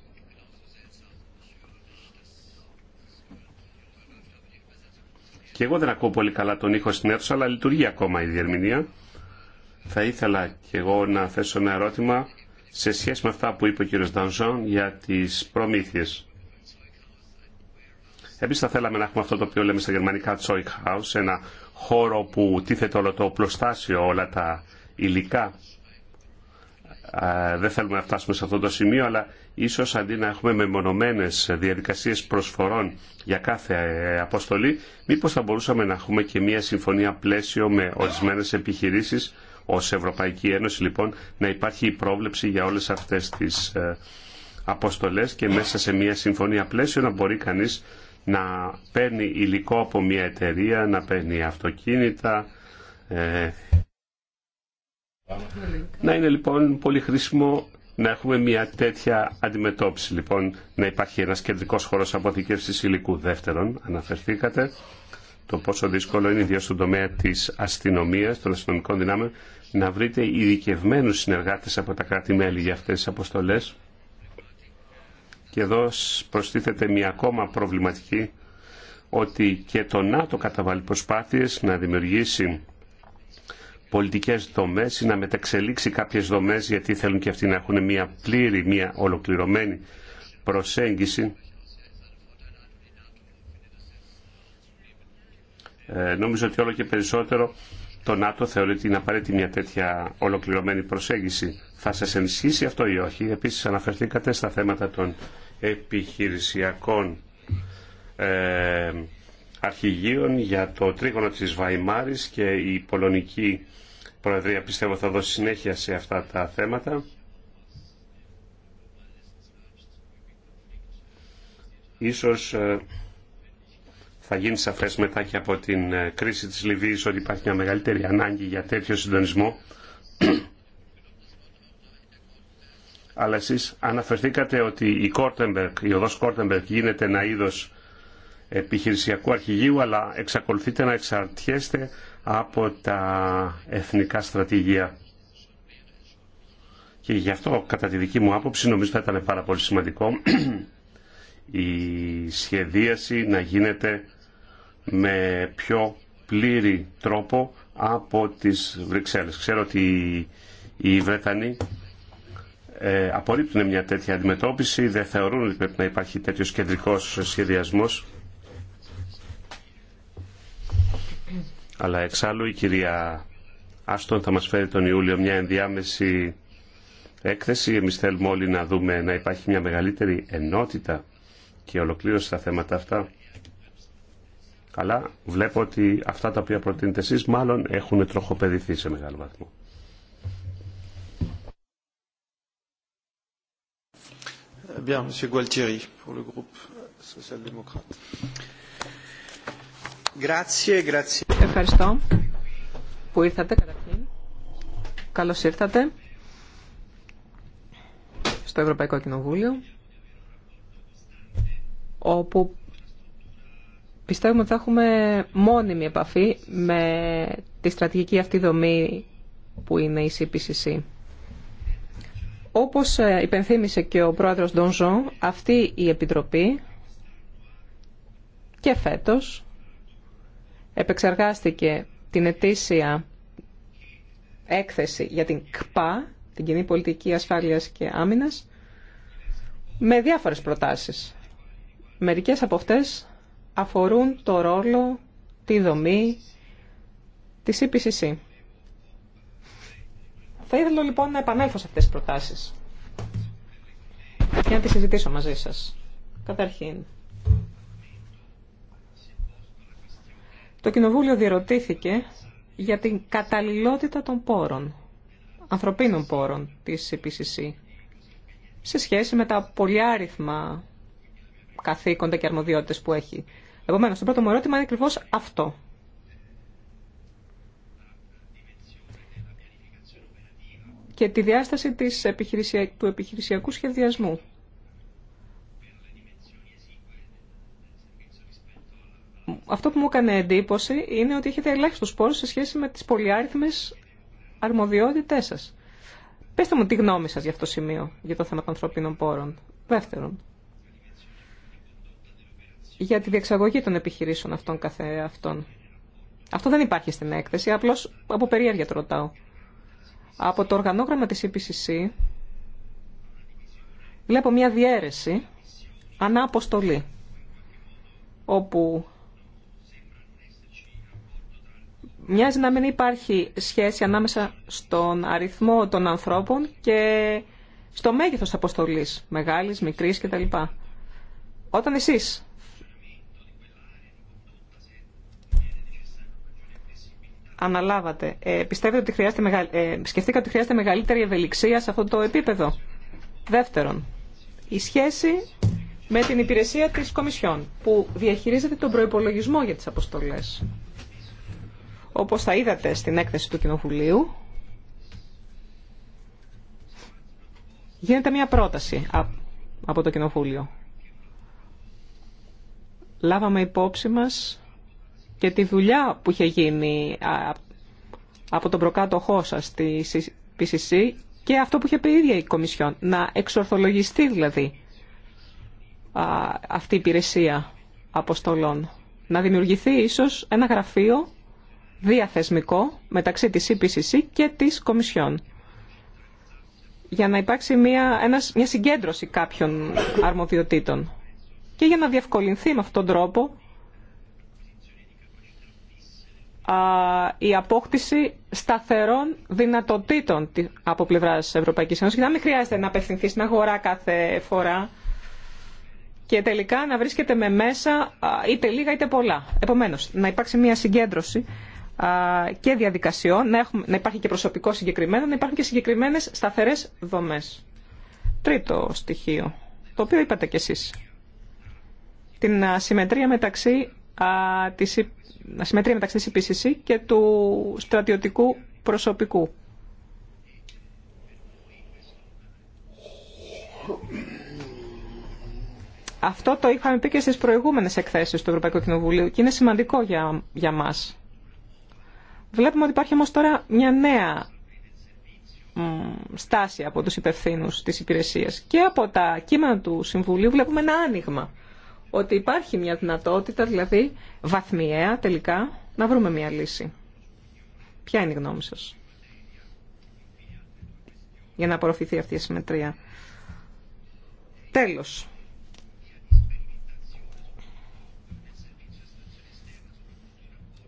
Και εγώ δεν ακούω πολύ καλά τον ήχο στην αίθουσα, αλλά λειτουργεί ακόμα η διερμηνία. Θα ήθελα και εγώ να θέσω ένα ερώτημα σε σχέση με αυτά που είπε ο κύριος Ντανζόν για τις προμήθειες. Επίση, θα θέλαμε να έχουμε αυτό το οποίο λέμε στα γερμανικά Zeughaus, ένα χώρο που τίθεται όλο το οπλοστάσιο, όλα τα υλικά. Δεν θέλουμε να φτάσουμε σε αυτό το σημείο, αλλά ίσω αντί να έχουμε μεμονωμένε διαδικασίε προσφορών για κάθε ε, αποστολή, μήπω θα μπορούσαμε να έχουμε και μια συμφωνία πλαίσιο με ορισμένε επιχειρήσει ως Ευρωπαϊκή Ένωση, λοιπόν, να υπάρχει η πρόβλεψη για όλες αυτές τις ε, αποστολές και μέσα σε μια συμφωνία πλαίσιο να μπορεί κανείς να παίρνει υλικό από μια εταιρεία, να παίρνει αυτοκίνητα. Ε... Να είναι λοιπόν πολύ χρήσιμο να έχουμε μια τέτοια αντιμετώπιση. Λοιπόν, να υπάρχει ένας κεντρικός χώρος αποθηκεύσης υλικού. Δεύτερον, αναφερθήκατε το πόσο δύσκολο είναι ιδίως στον τομέα της αστυνομίας, των αστυνομικών δυνάμεων, να βρείτε ειδικευμένους συνεργάτες από τα κράτη-μέλη για αυτές τις αποστολές. Και εδώ προστίθεται μια ακόμα προβληματική ότι και το ΝΑΤΟ καταβάλει προσπάθειες να δημιουργήσει πολιτικές δομές ή να μεταξελίξει κάποιες δομές γιατί θέλουν και αυτοί να έχουν μια πλήρη, μια ολοκληρωμένη προσέγγιση. Ε, νομίζω ότι όλο και περισσότερο το ΝΑΤΟ θεωρεί ότι είναι απαραίτητη μια τέτοια ολοκληρωμένη προσέγγιση. Θα σας ενισχύσει αυτό ή όχι. Επίσης αναφερθήκατε στα θέματα των επιχειρησιακών ε, αρχηγείων για το τρίγωνο της Βαϊμάρης και η Πολωνική Προεδρία πιστεύω θα δώσει συνέχεια σε αυτά τα θέματα. Ίσως ε, θα γίνει σαφές μετά και από την ε, κρίση της Λιβύης ότι υπάρχει μια μεγαλύτερη ανάγκη για τέτοιο συντονισμό αλλά εσείς αναφερθήκατε ότι η οδό η οδός Κόρτεμπερκ γίνεται ένα είδο επιχειρησιακού αρχηγείου, αλλά εξακολουθείτε να εξαρτιέστε από τα εθνικά στρατηγία. Και γι' αυτό, κατά τη δική μου άποψη, νομίζω θα ήταν πάρα πολύ σημαντικό η σχεδίαση να γίνεται με πιο πλήρη τρόπο από τις Βρυξέλλες. Ξέρω ότι οι Βρετανοί ε, απορρίπτουν μια τέτοια αντιμετώπιση, δεν θεωρούν ότι πρέπει να υπάρχει τέτοιος κεντρικός σχεδιασμός. Αλλά εξάλλου η κυρία Άστον θα μας φέρει τον Ιούλιο μια ενδιάμεση έκθεση. Εμείς θέλουμε όλοι να δούμε να υπάρχει μια μεγαλύτερη ενότητα και ολοκλήρωση στα θέματα αυτά. Αλλά βλέπω ότι αυτά τα οποία προτείνετε εσείς μάλλον έχουν τροχοπεδηθεί σε μεγάλο βαθμό.
Eh Ευχαριστώ που ήρθατε καταρχήν. Καλώς ήρθατε στο Ευρωπαϊκό Κοινοβούλιο, όπου πιστεύουμε ότι θα έχουμε μόνιμη επαφή με τη στρατηγική αυτή δομή που είναι η CPCC. Όπως ε, υπενθύμησε και ο πρόεδρος Ντονζόν, αυτή η Επιτροπή και φέτος επεξεργάστηκε την ετήσια έκθεση για την ΚΠΑ, την Κοινή Πολιτική Ασφάλειας και Άμυνας, με διάφορες προτάσεις. Μερικές από αυτές αφορούν το ρόλο, τη δομή της EPCC. Θα ήθελα λοιπόν να επανέλθω σε αυτές τις προτάσεις και να τις συζητήσω μαζί σας. Καταρχήν, το Κοινοβούλιο διερωτήθηκε για την καταλληλότητα των πόρων, ανθρωπίνων πόρων της EPCC, σε σχέση με τα πολυάριθμα καθήκοντα και αρμοδιότητες που έχει. Επομένως, το πρώτο μου ερώτημα είναι ακριβώ αυτό. και τη διάσταση της του επιχειρησιακού σχεδιασμού. Αυτό που μου έκανε εντύπωση είναι ότι έχετε ελάχιστος πόρους σε σχέση με τις πολυάριθμες αρμοδιότητές σας. Πέστε μου τη γνώμη σας για αυτό το σημείο, για το θέμα των ανθρωπίνων πόρων. Δεύτερον, για τη διεξαγωγή των επιχειρήσεων αυτών αυτών. Αυτό δεν υπάρχει στην έκθεση, απλώς από περίεργεια το ρωτάω. Από το οργανόγραμμα της EPCC βλέπω μια διαίρεση ανά αποστολή, όπου μοιάζει να μην υπάρχει σχέση ανάμεσα στον αριθμό των ανθρώπων και στο μέγεθος αποστολής, μεγάλης, μικρής κτλ. Όταν εσείς αναλάβατε, ε, πιστεύετε ότι χρειάζεται ε, ότι χρειάζεται μεγαλύτερη ευελιξία σε αυτό το επίπεδο. Δεύτερον, η σχέση με την υπηρεσία της Κομισιόν, που διαχειρίζεται τον προϋπολογισμό για τις αποστολές. Όπως θα είδατε στην έκθεση του Κοινοβουλίου, γίνεται μια πρόταση από το Κοινοβούλιο. Λάβαμε υπόψη μας και τη δουλειά που είχε γίνει από τον προκάτοχό σας στη PCC και αυτό που είχε πει η ίδια η Κομισιόν. Να εξορθολογιστεί δηλαδή αυτή η υπηρεσία αποστολών. Να δημιουργηθεί ίσως ένα γραφείο διαθεσμικό μεταξύ της CPCC και της Κομισιόν για να υπάρξει μια, ένας, μια συγκέντρωση κάποιων αρμοδιοτήτων και για να διευκολυνθεί με αυτόν τον τρόπο η απόκτηση σταθερών δυνατοτήτων από πλευρά τη Ευρωπαϊκή Ένωση και να μην χρειάζεται να απευθυνθεί στην αγορά κάθε φορά και τελικά να βρίσκεται με μέσα είτε λίγα είτε πολλά. Επομένω, να υπάρξει μια συγκέντρωση και διαδικασιών, να, έχουμε, να υπάρχει και προσωπικό συγκεκριμένο, να υπάρχουν και συγκεκριμένε σταθερέ δομέ. Τρίτο στοιχείο, το οποίο είπατε κι εσεί. Την συμμετρία μεταξύ της ασυμμετρία μεταξύ της ΕΠΣΣ και του στρατιωτικού προσωπικού. Αυτό το είχαμε πει και στις προηγούμενες εκθέσεις του Ευρωπαϊκού Κοινοβουλίου και είναι σημαντικό για, για μας. Βλέπουμε ότι υπάρχει όμως τώρα μια νέα στάση από τους υπευθύνους της υπηρεσίας και από τα κείμενα του Συμβουλίου βλέπουμε ένα άνοιγμα ότι υπάρχει μια δυνατότητα, δηλαδή βαθμιαία τελικά, να βρούμε μια λύση. Ποια είναι η γνώμη σας για να απορροφηθεί αυτή η συμμετρία. Τέλος.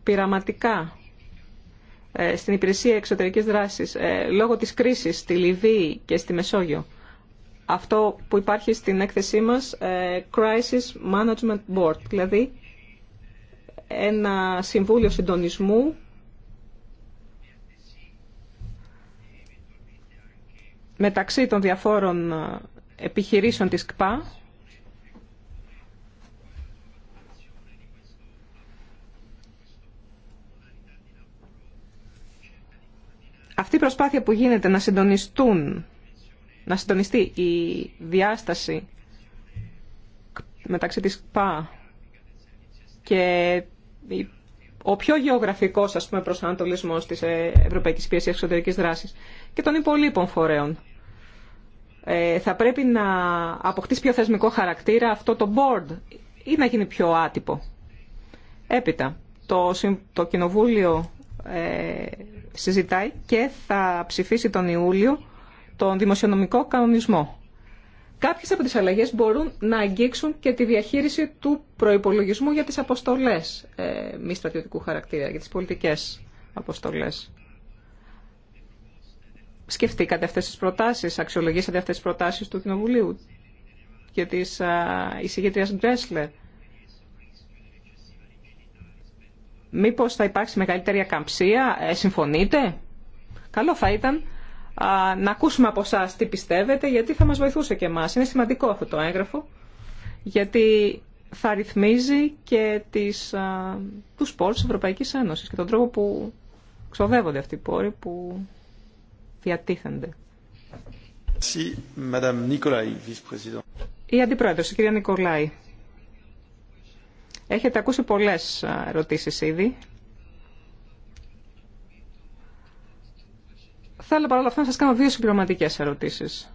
Πειραματικά ε, στην υπηρεσία εξωτερικής δράσης ε, λόγω της κρίσης στη Λιβύη και στη Μεσόγειο αυτό που υπάρχει στην έκθεσή μας ε, Crisis Management Board, δηλαδή ένα συμβούλιο συντονισμού μεταξύ των διαφόρων ε, επιχειρήσεων της ΚΠΑ Αυτή η προσπάθεια που γίνεται να συντονιστούν να συντονιστεί η διάσταση μεταξύ της ΠΑ και ο πιο γεωγραφικός ας πούμε, προσανατολισμός της ε, Ευρωπαϊκής Υπηρεσίας Εξωτερικής Δράσης και των υπολείπων φορέων. Ε, θα πρέπει να αποκτήσει πιο θεσμικό χαρακτήρα αυτό το board ή να γίνει πιο άτυπο. Έπειτα, το, το Κοινοβούλιο ε, συζητάει και θα ψηφίσει τον Ιούλιο τον δημοσιονομικό κανονισμό. Κάποιες από τις αλλαγές μπορούν να αγγίξουν και τη διαχείριση του προϋπολογισμού για τις αποστολές ε, μη στρατιωτικού χαρακτήρα, για τις πολιτικές αποστολές. Σκεφτήκατε αυτές τις προτάσεις, αξιολογήσατε αυτές τις προτάσεις του Κοινοβουλίου και της εισηγήτριας Γκρέσλε. Μήπως θα υπάρξει μεγαλύτερη ακαμψία, ε, συμφωνείτε. Καλό θα ήταν να ακούσουμε από εσά τι πιστεύετε, γιατί θα μας βοηθούσε και εμάς. Είναι σημαντικό αυτό το έγγραφο, γιατί θα ρυθμίζει και τις, α, τους πόρους της Ευρωπαϊκής Ένωσης και τον τρόπο που ξοδεύονται αυτοί οι πόροι που διατίθενται. Η Αντιπρόεδρος, η κυρία Νικολάη. Έχετε ακούσει πολλές ερωτήσεις ήδη. Θέλω ήθελα παρόλα αυτά να σας κάνω δύο συμπληρωματικές ερωτήσεις.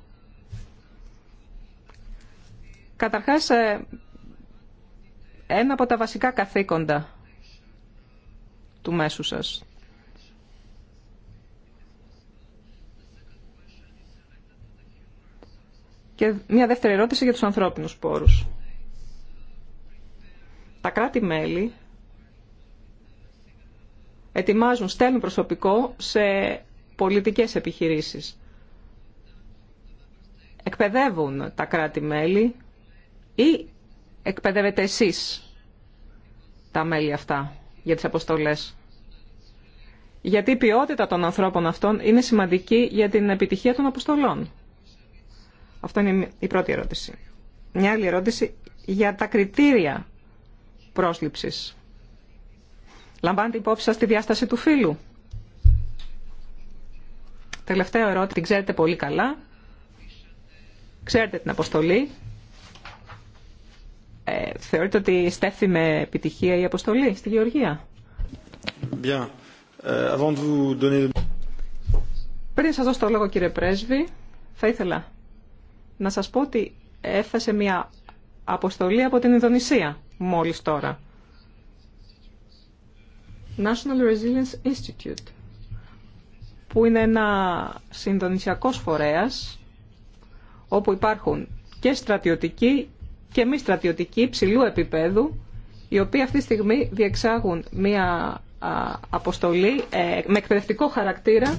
Καταρχάς, ε, ένα από τα βασικά καθήκοντα του μέσου σας. Και μια δεύτερη ερώτηση για τους ανθρώπινους πόρους. Τα κράτη-μέλη ετοιμάζουν, στέλνουν προσωπικό σε πολιτικές επιχειρήσεις. Εκπαιδεύουν τα κράτη-μέλη ή εκπαιδεύετε εσείς τα μέλη αυτά για τις αποστολές. Γιατί η ποιότητα των ανθρώπων αυτών είναι σημαντική για την επιτυχία των αποστολών. Αυτό είναι η πρώτη ερώτηση. Μια άλλη ερώτηση για τα κριτήρια πρόσληψης. Λαμβάνετε υπόψη σας τη διάσταση του φύλου τελευταία ερώτηση την ξέρετε πολύ καλά. Ξέρετε την αποστολή. Ε, θεωρείτε ότι στέφθη με επιτυχία η αποστολή στη Γεωργία.
Bien. Euh,
Πριν σας δώσω το λόγο κύριε Πρέσβη, θα ήθελα να σας πω ότι έφτασε μια αποστολή από την Ινδονησία μόλις τώρα. National Resilience Institute που είναι ένα συντονισιακός φορέας όπου υπάρχουν και στρατιωτικοί και μη στρατιωτικοί ψηλού επίπεδου οι οποίοι αυτή τη στιγμή διεξάγουν μια αποστολή ε, με εκπαιδευτικό χαρακτήρα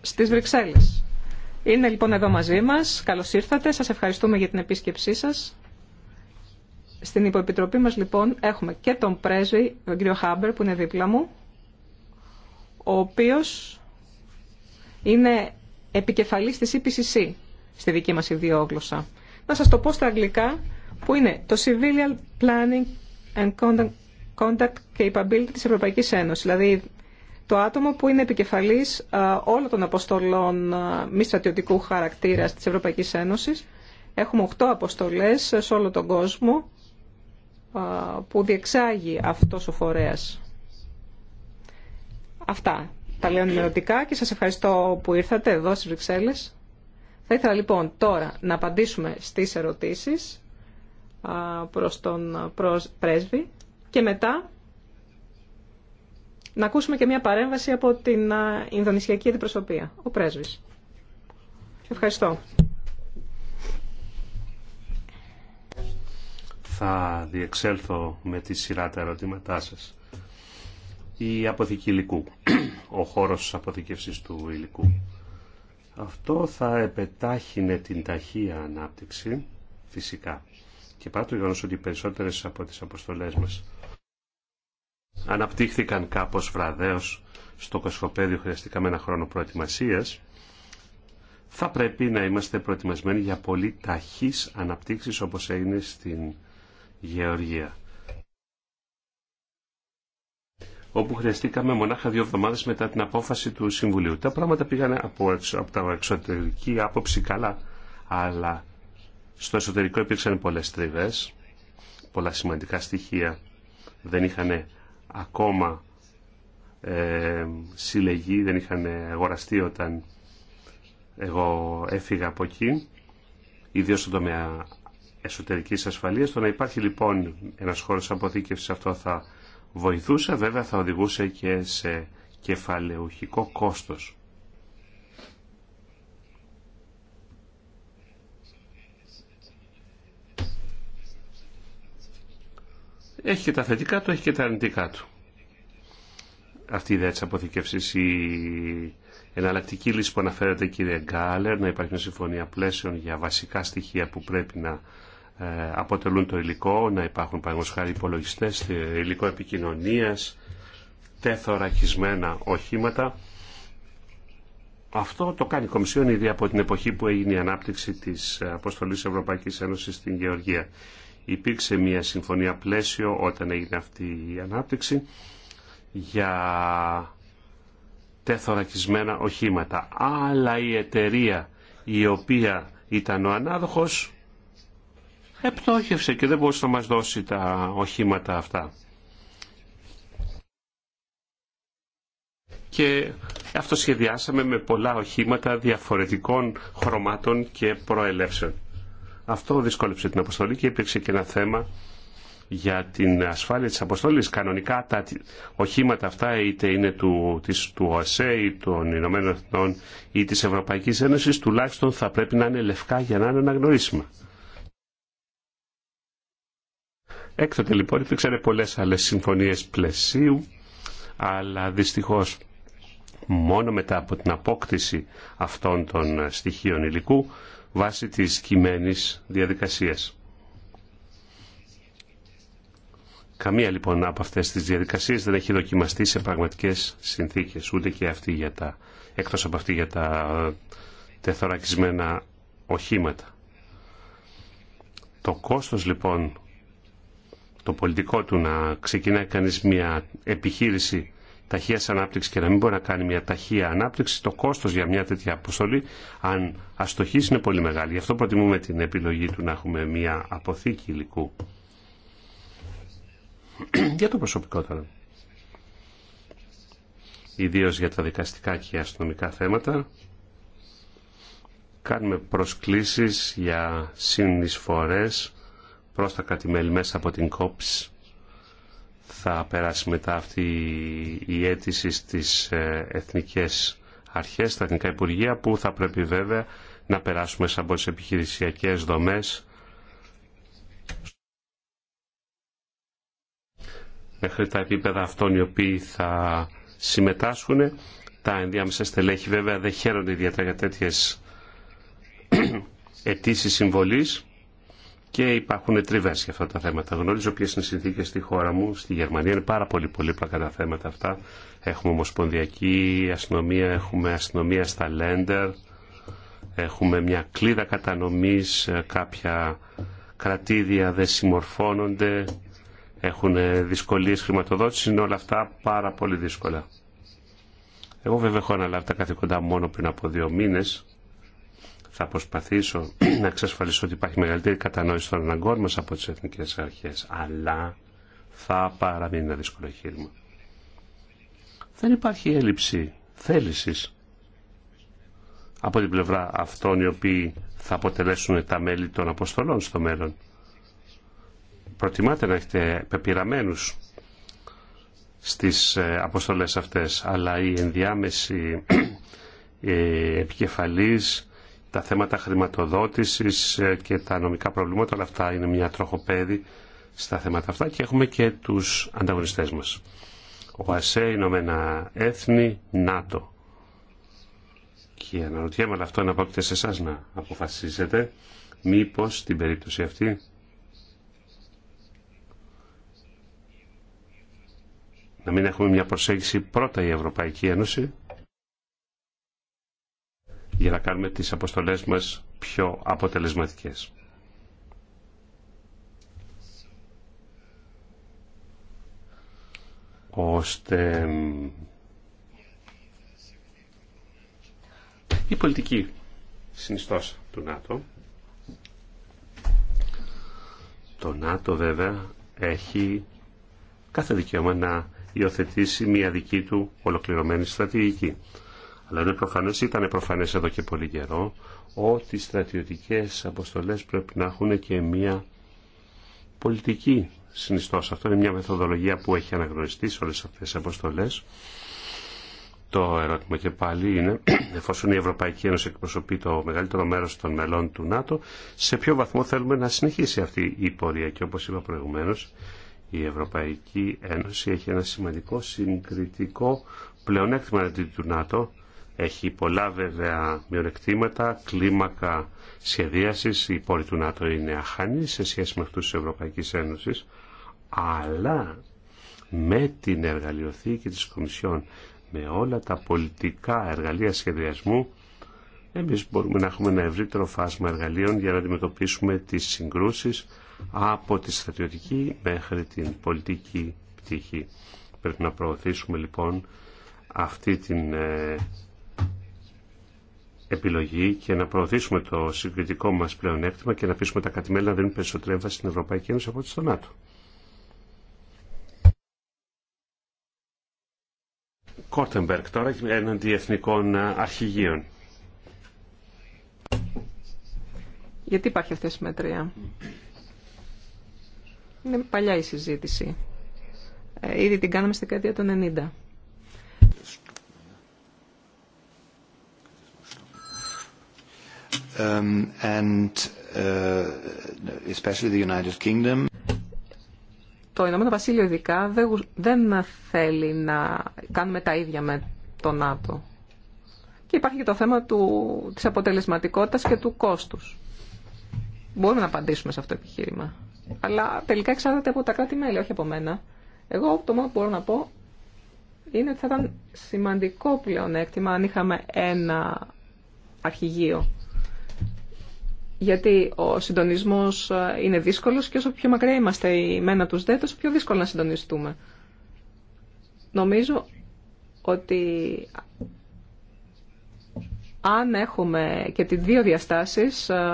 στις Βρυξέλλες. Είναι λοιπόν εδώ μαζί μας. Καλώς ήρθατε. Σας ευχαριστούμε για την επίσκεψή σας. Στην υποεπιτροπή μας λοιπόν έχουμε και τον πρέσβη, τον κύριο Χάμπερ που είναι δίπλα μου, ο οποίος είναι επικεφαλής της EPCC στη δική μας ιδιόγλωσσα. Να σας το πω στα αγγλικά που είναι το Civilian Planning and Contact Capability της Ευρωπαϊκής Ένωσης, δηλαδή το άτομο που είναι επικεφαλής ε, όλων των αποστολών ε, μη στρατιωτικού χαρακτήρα της Ευρωπαϊκής Ένωσης. Έχουμε οκτώ αποστολές ε, σε όλο τον κόσμο που διεξάγει αυτό ο φορέας. Αυτά τα λέω και σας ευχαριστώ που ήρθατε εδώ στις Βρυξέλλες. Θα ήθελα λοιπόν τώρα να απαντήσουμε στις ερωτήσεις προς τον πρέσβη και μετά να ακούσουμε και μια παρέμβαση από την Ινδονησιακή Αντιπροσωπεία, ο πρέσβης. Ευχαριστώ.
Θα διεξέλθω με τη σειρά τα ερωτήματά σας η αποθήκη υλικού, ο χώρος αποθηκεύσης του υλικού. Αυτό θα επετάχυνε την ταχεία ανάπτυξη, φυσικά. Και παρά το γεγονός ότι οι περισσότερες από τις αποστολές μας αναπτύχθηκαν κάπως βραδέως στο κοσμοπέδιο χρειαστήκαμε ένα χρόνο προετοιμασίας, θα πρέπει να είμαστε προετοιμασμένοι για πολύ ταχύς αναπτύξεις όπως έγινε στην Γεωργία. όπου χρειαστήκαμε μονάχα δύο εβδομάδε μετά την απόφαση του Συμβουλίου. Τα πράγματα πήγαν από, από τα εξωτερική άποψη καλά, αλλά στο εσωτερικό υπήρξαν πολλές τριβέ, πολλά σημαντικά στοιχεία δεν είχαν ακόμα ε, συλλεγεί, δεν είχαν αγοραστεί όταν εγώ έφυγα από εκεί, ιδίως στον τομέα εσωτερικής ασφαλείας. Το να υπάρχει λοιπόν ένας χώρος αποθήκευσης αυτό θα βοηθούσε, βέβαια θα οδηγούσε και σε κεφαλαιουχικό κόστος. Έχει και τα θετικά του, έχει και τα αρνητικά του. Αυτή η ιδέα της αποθηκεύσης, η εναλλακτική λύση που αναφέρεται κύριε Γκάλερ, να υπάρχει μια συμφωνία πλαίσεων για βασικά στοιχεία που πρέπει να ε, αποτελούν το υλικό, να υπάρχουν παραδείγματος χάρη υπολογιστές, ε, υλικό επικοινωνίας, τεθωρακισμένα οχήματα. Αυτό το κάνει η Κομισιόν ήδη από την εποχή που έγινε η ανάπτυξη της Αποστολής Ευρωπαϊκής Ένωσης στην Γεωργία. Υπήρξε μια συμφωνία πλαίσιο όταν έγινε αυτή η ανάπτυξη για τεθωρακισμένα οχήματα. Αλλά η εταιρεία η οποία ήταν ο ανάδοχος Επτόχευσε και δεν μπορούσε να μας δώσει τα οχήματα αυτά. Και αυτό σχεδιάσαμε με πολλά οχήματα διαφορετικών χρωμάτων και προελεύσεων. Αυτό δυσκόλεψε την αποστολή και υπήρξε και ένα θέμα για την ασφάλεια της αποστολής. Κανονικά τα οχήματα αυτά είτε είναι του, της, του ΟΑΣΕ ή των Ηνωμένων Εθνών ή της Ευρωπαϊκής Ένωσης τουλάχιστον θα πρέπει να είναι λευκά για να είναι αναγνωρίσιμα. Έκτοτε λοιπόν υπήρξαν πολλές άλλες συμφωνίες πλαισίου, αλλά δυστυχώς μόνο μετά από την απόκτηση αυτών των στοιχείων υλικού βάσει της κειμένης διαδικασίας. Καμία λοιπόν από αυτές τις διαδικασίες δεν έχει δοκιμαστεί σε πραγματικές συνθήκες, ούτε και αυτή για τα, εκτός από αυτή για τα τεθωρακισμένα οχήματα. Το κόστος λοιπόν το πολιτικό του να ξεκινάει κανείς μια επιχείρηση ταχεία ανάπτυξη και να μην μπορεί να κάνει μια ταχεία ανάπτυξη, το κόστο για μια τέτοια αποστολή, αν αστοχήσει, είναι πολύ μεγάλη. Γι' αυτό προτιμούμε την επιλογή του να έχουμε μια αποθήκη υλικού. για το προσωπικό τώρα. Ιδίω για τα δικαστικά και αστυνομικά θέματα. Κάνουμε προσκλήσεις για συνεισφορές προς τα μελη μέσα από την κόψη. Θα περάσει μετά αυτή η αίτηση στις ε, εθνικές αρχές, στα εθνικά υπουργεία, που θα πρέπει βέβαια να περάσουμε σαν από τις επιχειρησιακές δομές μέχρι τα επίπεδα αυτών οι οποίοι θα συμμετάσχουν. Τα ενδιάμεσα στελέχη βέβαια δεν χαίρονται ιδιαίτερα για τέτοιες αιτήσεις συμβολής και υπάρχουν τριβέ για αυτά τα θέματα. Γνωρίζω ποιε είναι οι συνθήκε στη χώρα μου, στη Γερμανία. Είναι πάρα πολύ πολύπλοκα τα θέματα αυτά. Έχουμε ομοσπονδιακή αστυνομία, έχουμε αστυνομία στα Λέντερ, έχουμε μια κλίδα κατανομή, ε, κάποια κρατήδια δεν συμμορφώνονται, έχουν ε, δυσκολίε χρηματοδότηση. Είναι όλα αυτά πάρα πολύ δύσκολα. Εγώ βέβαια έχω αναλάβει τα καθήκοντά μόνο πριν από δύο μήνες θα προσπαθήσω να εξασφαλίσω ότι υπάρχει μεγαλύτερη κατανόηση των αναγκών μας από τις εθνικές αρχές, αλλά θα παραμείνει ένα δύσκολο εγχείρημα. Δεν υπάρχει έλλειψη θέλησης από την πλευρά αυτών οι οποίοι θα αποτελέσουν τα μέλη των αποστολών στο μέλλον. Προτιμάτε να έχετε πεπειραμένους στις ε, αποστολές αυτές, αλλά η ενδιάμεση ε, επικεφαλής τα θέματα χρηματοδότησης ε, και τα νομικά προβλήματα, όλα αυτά είναι μια τροχοπέδη στα θέματα αυτά και έχουμε και τους ανταγωνιστές μας. Ο ΑΣΕ, Ηνωμένα Έθνη, ΝΑΤΟ. Και αναρωτιέμαι, αλλά αυτό να πρόκειται σε εσά να αποφασίσετε, μήπως την περίπτωση αυτή να μην έχουμε μια προσέγγιση πρώτα η Ευρωπαϊκή Ένωση για να κάνουμε τις αποστολές μας πιο αποτελεσματικές. ώστε η πολιτική συνιστός του ΝΑΤΟ το ΝΑΤΟ βέβαια έχει κάθε δικαίωμα να υιοθετήσει μια δική του ολοκληρωμένη στρατηγική. Αλλά είναι προφανές, ήταν προφανές εδώ και πολύ καιρό, ότι οι στρατιωτικές αποστολές πρέπει να έχουν και μια πολιτική συνιστός. Αυτό είναι μια μεθοδολογία που έχει αναγνωριστεί σε όλες αυτές τις αποστολές. Το ερώτημα και πάλι είναι, εφόσον η Ευρωπαϊκή Ένωση εκπροσωπεί το μεγαλύτερο μέρος των μελών του ΝΑΤΟ, σε ποιο βαθμό θέλουμε να συνεχίσει αυτή η πορεία. Και όπως είπα προηγουμένως, η Ευρωπαϊκή Ένωση έχει ένα σημαντικό συγκριτικό πλεονέκτημα αντί του ΝΑΤΟ, έχει πολλά βέβαια μειονεκτήματα, κλίμακα σχεδίασης, η πόροι του ΝΑΤΟ είναι αχανή σε σχέση με αυτού τη Ευρωπαϊκή Ένωση. αλλά με την εργαλειοθήκη της Κομισιόν, με όλα τα πολιτικά εργαλεία σχεδιασμού, εμείς μπορούμε να έχουμε ένα ευρύτερο φάσμα εργαλείων για να αντιμετωπίσουμε τις συγκρούσει από τη στρατιωτική μέχρι την πολιτική πτυχή. Πρέπει να προωθήσουμε λοιπόν αυτή την ε, επιλογή και να προωθήσουμε το συγκριτικό μας πλεονέκτημα και να αφήσουμε τα κατημέλια να δίνουν περισσότερη έμφαση στην Ευρωπαϊκή Ένωση από ό,τι στο ΝΑΤΟ. Κόρτεμπεργκ τώρα έναντι εθνικών ε, αρχηγείων.
Γιατί υπάρχει αυτή η συμμετρία. Είναι παλιά η συζήτηση. Ε, ήδη την κάναμε στην δεκαετία των 90.
Um, uh,
το Ηνωμένο Βασίλειο ειδικά δεν θέλει να κάνουμε τα ίδια με το ΝΑΤΟ. Και υπάρχει και το θέμα του, της αποτελεσματικότητας και του κόστους. Μπορούμε να απαντήσουμε σε αυτό το επιχείρημα. Αλλά τελικά εξάρτηται από τα κράτη-μέλη, όχι από μένα. Εγώ το μόνο που μπορώ να πω είναι ότι θα ήταν σημαντικό πλεονέκτημα αν είχαμε ένα αρχηγείο γιατί ο συντονισμός ε, είναι δύσκολος και όσο πιο μακριά είμαστε οι μένα τους δε, τόσο πιο δύσκολο να συντονιστούμε. Νομίζω ότι αν έχουμε και τις δύο διαστάσεις, ε,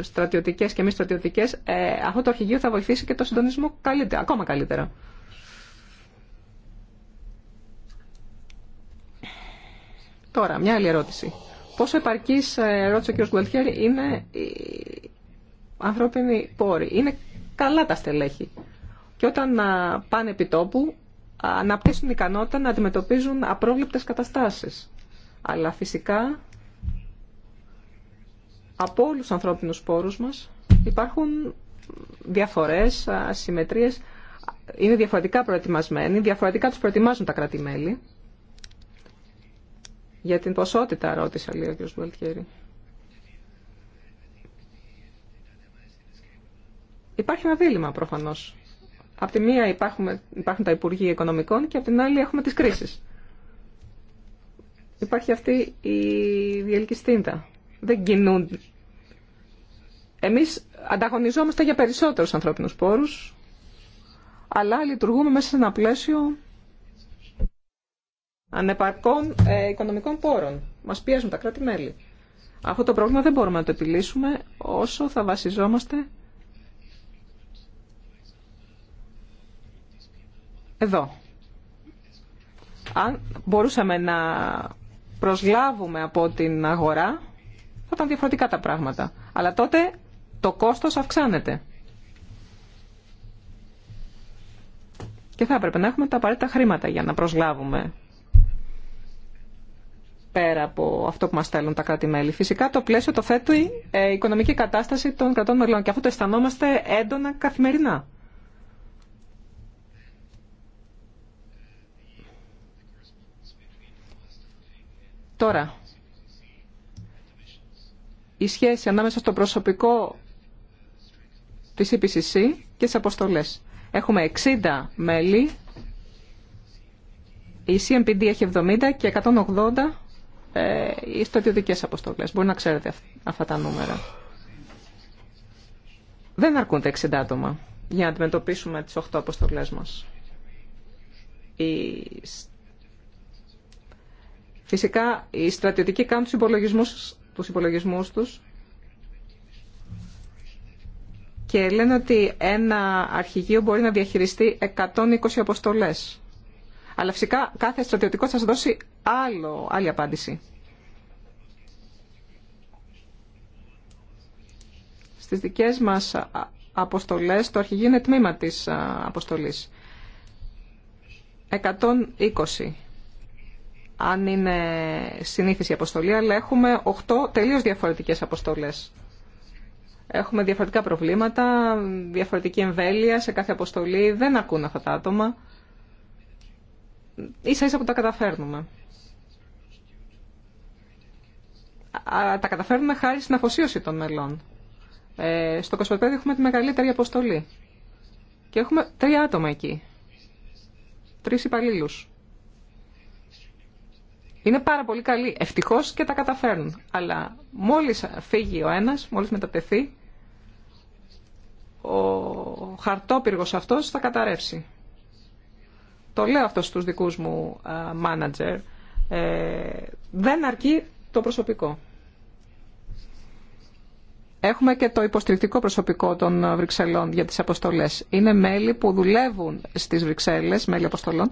στρατιωτικές και μη στρατιωτικές, ε, αυτό το αρχηγείο θα βοηθήσει και το συντονισμό καλύτερα, ακόμα καλύτερα. Τώρα, μια άλλη ερώτηση. Πόσο επαρκής, ε, ρώτησε ο κ. Γκουελτιέρη, είναι οι ανθρώπινοι πόροι. Είναι καλά τα στελέχη. Και όταν πάνε επί τόπου, αναπτύσσουν ικανότητα να αντιμετωπίζουν απρόβλεπτες καταστάσεις. Αλλά φυσικά, από όλους τους ανθρώπινους πόρους μας υπάρχουν διαφορές, ασυμμετρίες. Είναι διαφορετικά προετοιμασμένοι, διαφορετικά τους προετοιμάζουν τα κράτη-μέλη. Για την ποσότητα ρώτησα, λέει ο Υπάρχει ένα δίλημα προφανώς. Απ' τη μία υπάρχουν, υπάρχουν τα Υπουργεία Οικονομικών και απ' την άλλη έχουμε τις κρίσεις. Υπάρχει αυτή η διελκυστίντα. Δεν κινούν. Εμείς ανταγωνιζόμαστε για περισσότερους ανθρώπινους πόρους, αλλά λειτουργούμε μέσα σε ένα πλαίσιο ανεπαρκών ε, οικονομικών πόρων. Μα πιέζουν τα κράτη-μέλη. Αυτό το πρόβλημα δεν μπορούμε να το επιλύσουμε όσο θα βασιζόμαστε εδώ. Αν μπορούσαμε να προσλάβουμε από την αγορά, θα ήταν διαφορετικά τα πράγματα. Αλλά τότε το κόστος αυξάνεται. Και θα έπρεπε να έχουμε τα απαραίτητα χρήματα για να προσλάβουμε πέρα από αυτό που μας στέλνουν τα κράτη-μέλη. Φυσικά το πλαίσιο το θέτει ε, η οικονομική κατάσταση των κρατών μελών και αυτό το αισθανόμαστε έντονα καθημερινά. Τώρα, η σχέση ανάμεσα στο προσωπικό της EPCC και τις αποστολές. Έχουμε 60 μέλη, η CMPD έχει 70 και 180 ε, οι στρατιωτικέ αποστολέ. Μπορεί να ξέρετε αυτά τα νούμερα. Δεν αρκούν 60 άτομα για να αντιμετωπίσουμε τις 8 αποστολέ μας. Φυσικά, οι στρατιωτικοί κάνουν του υπολογισμού τους υπολογισμούς τους και λένε ότι ένα αρχηγείο μπορεί να διαχειριστεί 120 αποστολές. Αλλά φυσικά κάθε στρατιωτικό θα σα δώσει άλλο, άλλη απάντηση. Στις δικές μας αποστολές, το αρχηγείο είναι τμήμα της αποστολής. 120 αν είναι συνήθιση η αποστολή, αλλά έχουμε 8 τελείως διαφορετικές αποστολές. Έχουμε διαφορετικά προβλήματα, διαφορετική εμβέλεια σε κάθε αποστολή, δεν ακούν αυτά τα άτομα ίσα ίσα που τα καταφέρνουμε. Τα καταφέρνουμε χάρη στην αφοσίωση των μελών. Ε, στο Κοσμοπέδιο έχουμε τη μεγαλύτερη αποστολή. Και έχουμε τρία άτομα εκεί. Τρεις υπαλλήλου. Είναι πάρα πολύ καλή, Ευτυχώς και τα καταφέρνουν. Αλλά μόλις φύγει ο ένας, μόλις μετατεθεί, ο χαρτόπυργος αυτός θα καταρρεύσει το λέω αυτό στους δικούς μου μάνατζερ, δεν αρκεί το προσωπικό. Έχουμε και το υποστηρικτικό προσωπικό των Βρυξελών για τις αποστολές. Είναι μέλη που δουλεύουν στις Βρυξέλλες, μέλη αποστολών,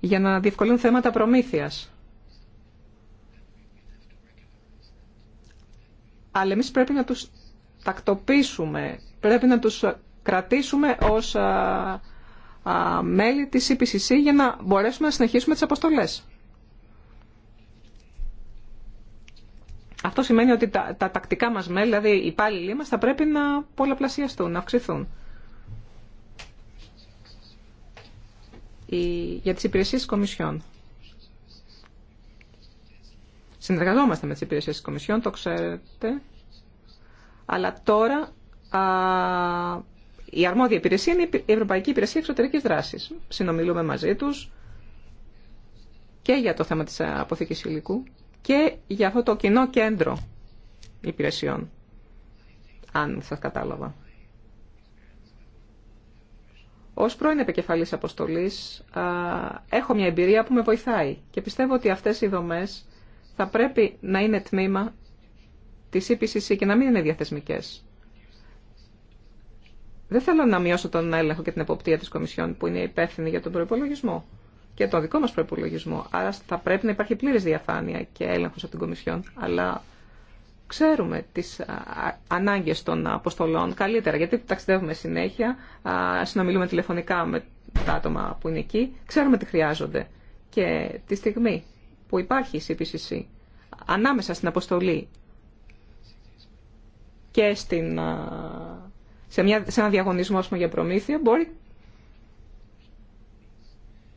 για να διευκολύνουν θέματα προμήθειας. Αλλά εμείς πρέπει να τους τακτοποιήσουμε, πρέπει να τους κρατήσουμε ως μέλη της EPCC για να μπορέσουμε να συνεχίσουμε τις αποστολές. Αυτό σημαίνει ότι τα, τα τακτικά μας μέλη, δηλαδή οι υπάλληλοι μας, θα πρέπει να πολλαπλασιαστούν, να αυξηθούν. για τις υπηρεσίες της Κομισιόν. Συνεργαζόμαστε με τις υπηρεσίες της Κομισιόν, το ξέρετε. Αλλά τώρα α, η αρμόδια υπηρεσία είναι η Ευρωπαϊκή Υπηρεσία Εξωτερική δράση. Συνομιλούμε μαζί του και για το θέμα τη αποθήκη υλικού και για αυτό το κοινό κέντρο υπηρεσιών, αν σα κατάλαβα. Ω πρώην επικεφαλή αποστολή έχω μια εμπειρία που με βοηθάει και πιστεύω ότι αυτέ οι δομέ θα πρέπει να είναι τμήμα τη EPCC και να μην είναι διαθεσμικές. Δεν θέλω να μειώσω τον έλεγχο και την εποπτεία τη Κομισιόν που είναι υπεύθυνη για τον προπολογισμό και τον δικό μα προπολογισμό. Άρα θα πρέπει να υπάρχει πλήρης διαφάνεια και έλεγχο από την Κομισιόν, αλλά ξέρουμε τι ανάγκε των αποστολών καλύτερα, γιατί ταξιδεύουμε συνέχεια, συνομιλούμε τηλεφωνικά με τα άτομα που είναι εκεί, ξέρουμε τι χρειάζονται. Και τη στιγμή που υπάρχει η CPCC ανάμεσα στην αποστολή και στην σε, μια, σε ένα διαγωνισμό πούμε, για προμήθεια, μπορεί,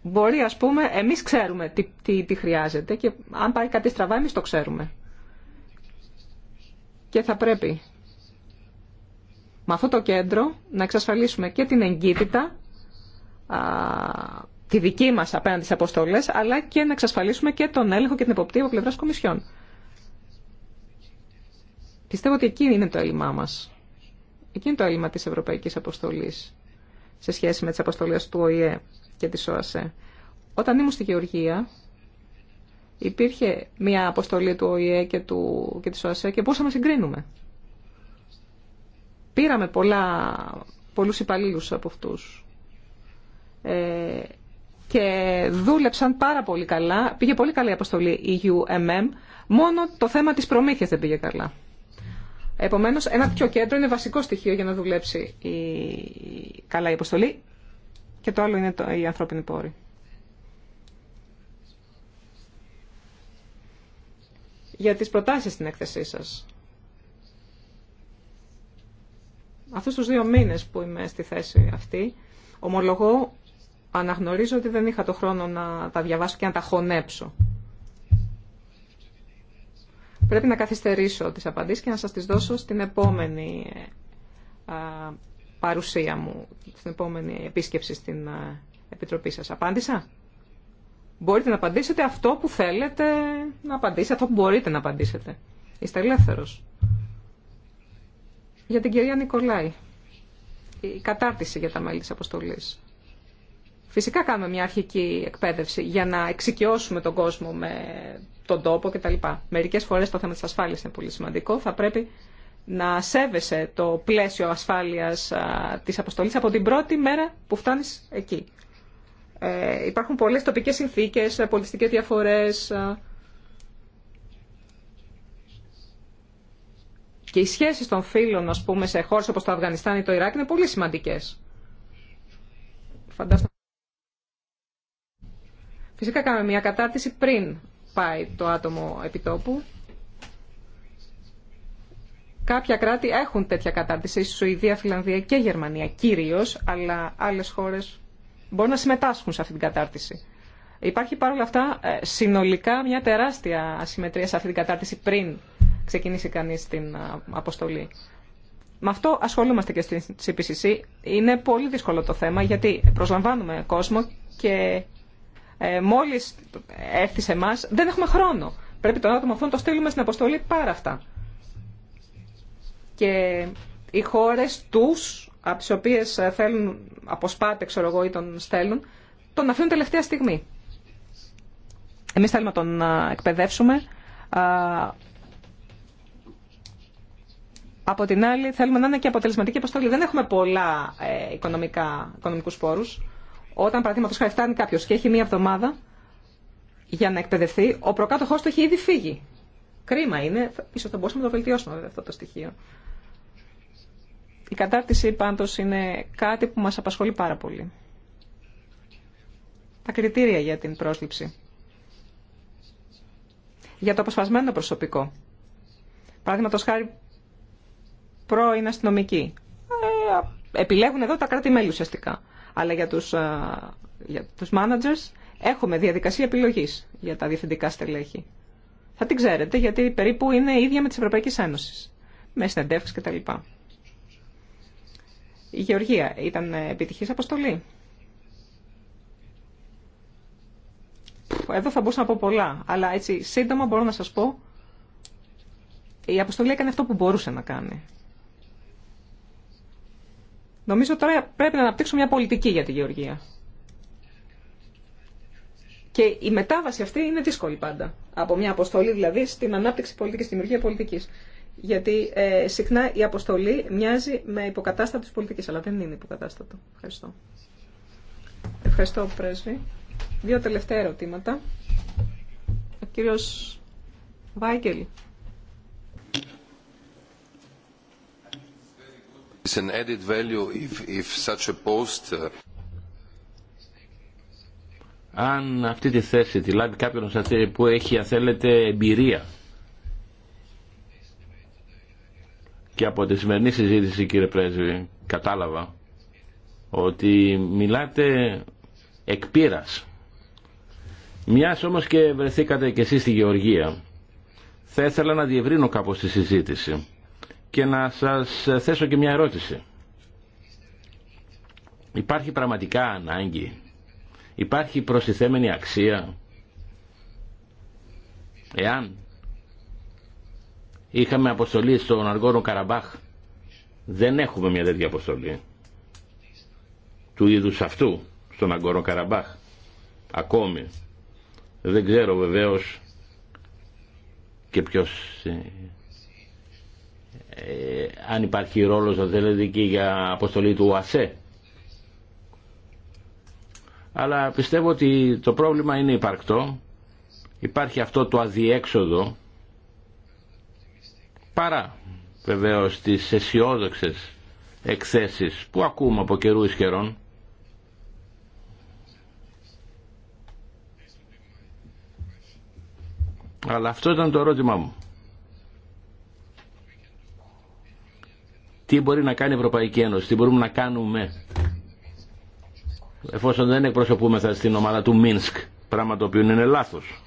μπορεί ας πούμε, εμείς ξέρουμε τι, τι, χρειάζεται και αν πάει κάτι στραβά εμείς το ξέρουμε. Και θα πρέπει με αυτό το κέντρο να εξασφαλίσουμε και την εγκύτητα, α, τη δική μας απέναντι στις αποστολές, αλλά και να εξασφαλίσουμε και τον έλεγχο και την εποπτεία από πλευράς κομισιών. Πιστεύω ότι εκεί είναι το έλλειμμά μας. Εκείνο το έλλειμμα της Ευρωπαϊκής Αποστολής σε σχέση με τις αποστολές του ΟΗΕ και της ΟΑΣΕ. Όταν ήμουν στη Γεωργία υπήρχε μια αποστολή του ΟΗΕ και, του, και της ΟΑΣΕ και μπορούσαμε να συγκρίνουμε. Πήραμε πολλά, πολλούς υπαλλήλους από αυτούς. Ε, και δούλεψαν πάρα πολύ καλά. Πήγε πολύ καλή η αποστολή UMM, μόνο το θέμα της προμήθειας δεν πήγε καλά. Επομένως, ένα πιο κέντρο είναι βασικό στοιχείο για να δουλέψει η... καλά η αποστολή και το άλλο είναι το... η ανθρώπινη πόρη. Για τις προτάσεις στην έκθεσή σας. Αυτούς τους δύο μήνες που είμαι στη θέση αυτή, ομολογώ, αναγνωρίζω ότι δεν είχα το χρόνο να τα διαβάσω και να τα χωνέψω. Πρέπει να καθυστερήσω τις απαντήσεις και να σας τις δώσω στην επόμενη παρουσία μου, στην επόμενη επίσκεψη στην Επιτροπή σας. Απάντησα? Μπορείτε να απαντήσετε αυτό που θέλετε να απαντήσετε, αυτό που μπορείτε να απαντήσετε. Είστε ελεύθερος. Για την κυρία Νικολάη, η κατάρτιση για τα μέλη της αποστολής. Φυσικά κάνουμε μια αρχική εκπαίδευση για να εξοικειώσουμε τον κόσμο με τον τόπο κτλ. Μερικές φορές το θέμα της ασφάλειας είναι πολύ σημαντικό. Θα πρέπει να σέβεσαι το πλαίσιο ασφάλειας τη αποστολή από την πρώτη μέρα που φτάνεις εκεί. Ε, υπάρχουν πολλές τοπικές συνθήκες, ε, πολιτιστικές διαφορές και οι σχέσεις των φίλων, πούμε, σε χώρες όπως το Αφγανιστάν ή το Ιράκ είναι πολύ σημαντικές. Φυσικά κάνουμε μια κατάρτιση πριν πάει το άτομο επιτόπου. Κάποια κράτη έχουν τέτοια κατάρτιση, η Σουηδία, Φιλανδία και Γερμανία κυρίω, αλλά άλλε χώρε μπορούν να συμμετάσχουν σε αυτή την κατάρτιση. Υπάρχει παρόλα αυτά ε, συνολικά μια τεράστια ασυμμετρία σε αυτή την κατάρτιση πριν ξεκινήσει κανεί την αποστολή. Με αυτό ασχολούμαστε και στην CPCC. Είναι πολύ δύσκολο το θέμα γιατί προσλαμβάνουμε κόσμο και ε, μόλις έρθει σε εμά, δεν έχουμε χρόνο. Πρέπει τον άτομο αυτό να το στείλουμε στην αποστολή πάρα αυτά. Και οι χώρε τους, από τις οποίες θέλουν, αποσπάτε, ξέρω εγώ, ή τον στέλνουν, τον αφήνουν τελευταία στιγμή. Εμείς θέλουμε να τον εκπαιδεύσουμε. Από την άλλη, θέλουμε να είναι και αποτελεσματική αποστολή. Δεν έχουμε πολλά ε, οικονομικά, οικονομικούς πόρους. Όταν, παραδείγματο χάρη, φτάνει κάποιο και έχει μία εβδομάδα για να εκπαιδευτεί, ο προκάτοχό του έχει ήδη φύγει. Κρίμα είναι, ίσω θα μπορούσαμε να το βελτιώσουμε αυτό το στοιχείο. Η κατάρτιση πάντως είναι κάτι που μας απασχολεί πάρα πολύ. Τα κριτήρια για την πρόσληψη. Για το αποσπασμένο προσωπικό. Παραδείγματο χάρη πρώην αστυνομική. Ε, επιλέγουν εδώ τα κράτη-μέλη ουσιαστικά. Αλλά για τους, για τους managers έχουμε διαδικασία επιλογής για τα διευθυντικά στελέχη. Θα την ξέρετε γιατί περίπου είναι ίδια με τις Ευρωπαϊκές Ένωσης. Με συνεντεύξεις κτλ. Η Γεωργία ήταν επιτυχής αποστολή. Εδώ θα μπορούσα να πω πολλά, αλλά έτσι σύντομα μπορώ να σας πω η αποστολή έκανε αυτό που μπορούσε να κάνει. Νομίζω τώρα πρέπει να αναπτύξουμε μια πολιτική για τη γεωργία. Και η μετάβαση αυτή είναι δύσκολη πάντα. Από μια αποστολή δηλαδή στην ανάπτυξη πολιτική, στη δημιουργία πολιτική. Γιατί ε, συχνά η αποστολή μοιάζει με υποκατάστατο τη πολιτική, αλλά δεν είναι υποκατάστατο. Ευχαριστώ. Ευχαριστώ, Πρέσβη. Δύο τελευταία ερωτήματα. Ο κύριος Βάγκελ.
Αν αυτή τη θέση τη λάβει κάποιον που έχει αν θέλετε εμπειρία και από τη σημερινή συζήτηση κύριε Πρέσβη κατάλαβα ότι μιλάτε εκ πείρας. Μιας όμως και βρεθήκατε και εσείς στη Γεωργία θα ήθελα να διευρύνω κάπως τη συζήτηση και να σας θέσω και μια ερώτηση. Υπάρχει πραγματικά ανάγκη, υπάρχει προστιθέμενη αξία, εάν είχαμε αποστολή στον Αργόνο Καραμπάχ, δεν έχουμε μια τέτοια αποστολή του είδους αυτού στον Αγκόρο Καραμπάχ ακόμη δεν ξέρω βεβαίως και ποιος ε, αν υπάρχει ρόλος αν θέλετε και για αποστολή του ΟΑΣΕ αλλά πιστεύω ότι το πρόβλημα είναι υπαρκτό υπάρχει αυτό το αδιέξοδο παρά βεβαίως τις αισιόδοξε εκθέσεις που ακούμε από καιρού εις καιρών αλλά αυτό ήταν το ερώτημά μου τι μπορεί να κάνει η Ευρωπαϊκή Ένωση, τι μπορούμε να κάνουμε εφόσον δεν εκπροσωπούμεθα στην ομάδα του Μίνσκ, πράγμα το οποίο είναι λάθος.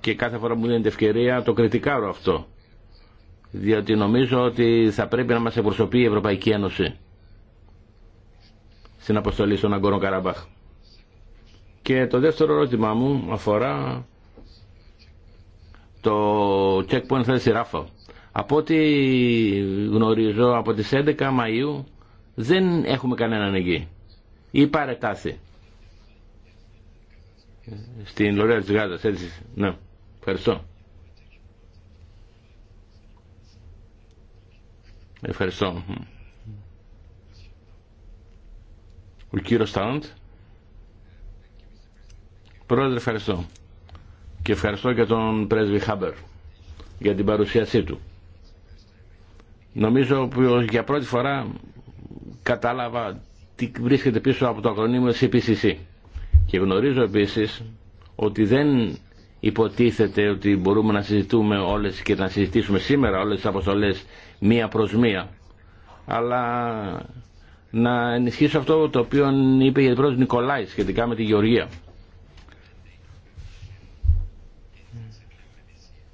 Και κάθε φορά που μου δίνεται ευκαιρία το κριτικάρω αυτό. Διότι νομίζω ότι θα πρέπει να μας εκπροσωπεί η Ευρωπαϊκή Ένωση στην αποστολή στον Αγκόρο Καραμπάχ. Και το δεύτερο ερώτημά μου αφορά το checkpoint θέση Ράφα. Από ό,τι γνωρίζω από τις 11 Μαΐου δεν έχουμε κανέναν εκεί. Ή παρετάθη. Στην Λορέα της Γάζας, έτσι. Ναι, ευχαριστώ. Ευχαριστώ. Ο κύριος Στάντ. Πρόεδρε, ευχαριστώ. Και ευχαριστώ και τον πρέσβη Χάμπερ για την παρουσίασή του. Νομίζω για πρώτη φορά κατάλαβα τι βρίσκεται πίσω από το ακρονίμιο CPCC. Και γνωρίζω επίσης ότι δεν υποτίθεται ότι μπορούμε να συζητούμε όλες και να συζητήσουμε σήμερα όλες τις αποστολές μία προς μία. Αλλά να ενισχύσω αυτό το οποίο είπε η πρώτη Νικολάη σχετικά με τη Γεωργία.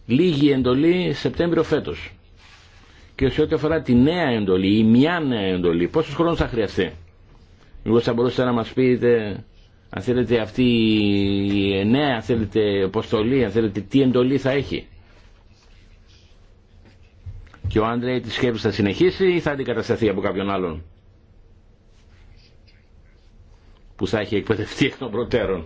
Λίγη εντολή Σεπτέμβριο φέτος και σε ό,τι αφορά τη νέα εντολή ή μια νέα εντολή, πόσο χρόνο θα χρειαστεί. Εγώ θα μπορούσατε να μα πείτε αν θέλετε αυτή η νέα, αν θέλετε αποστολή, αν θέλετε τι εντολή θα έχει. Και ο Άντρε τη σκέψη θα συνεχίσει ή θα αντικατασταθεί από κάποιον άλλον που θα έχει εκπαιδευτεί εκ των προτέρων.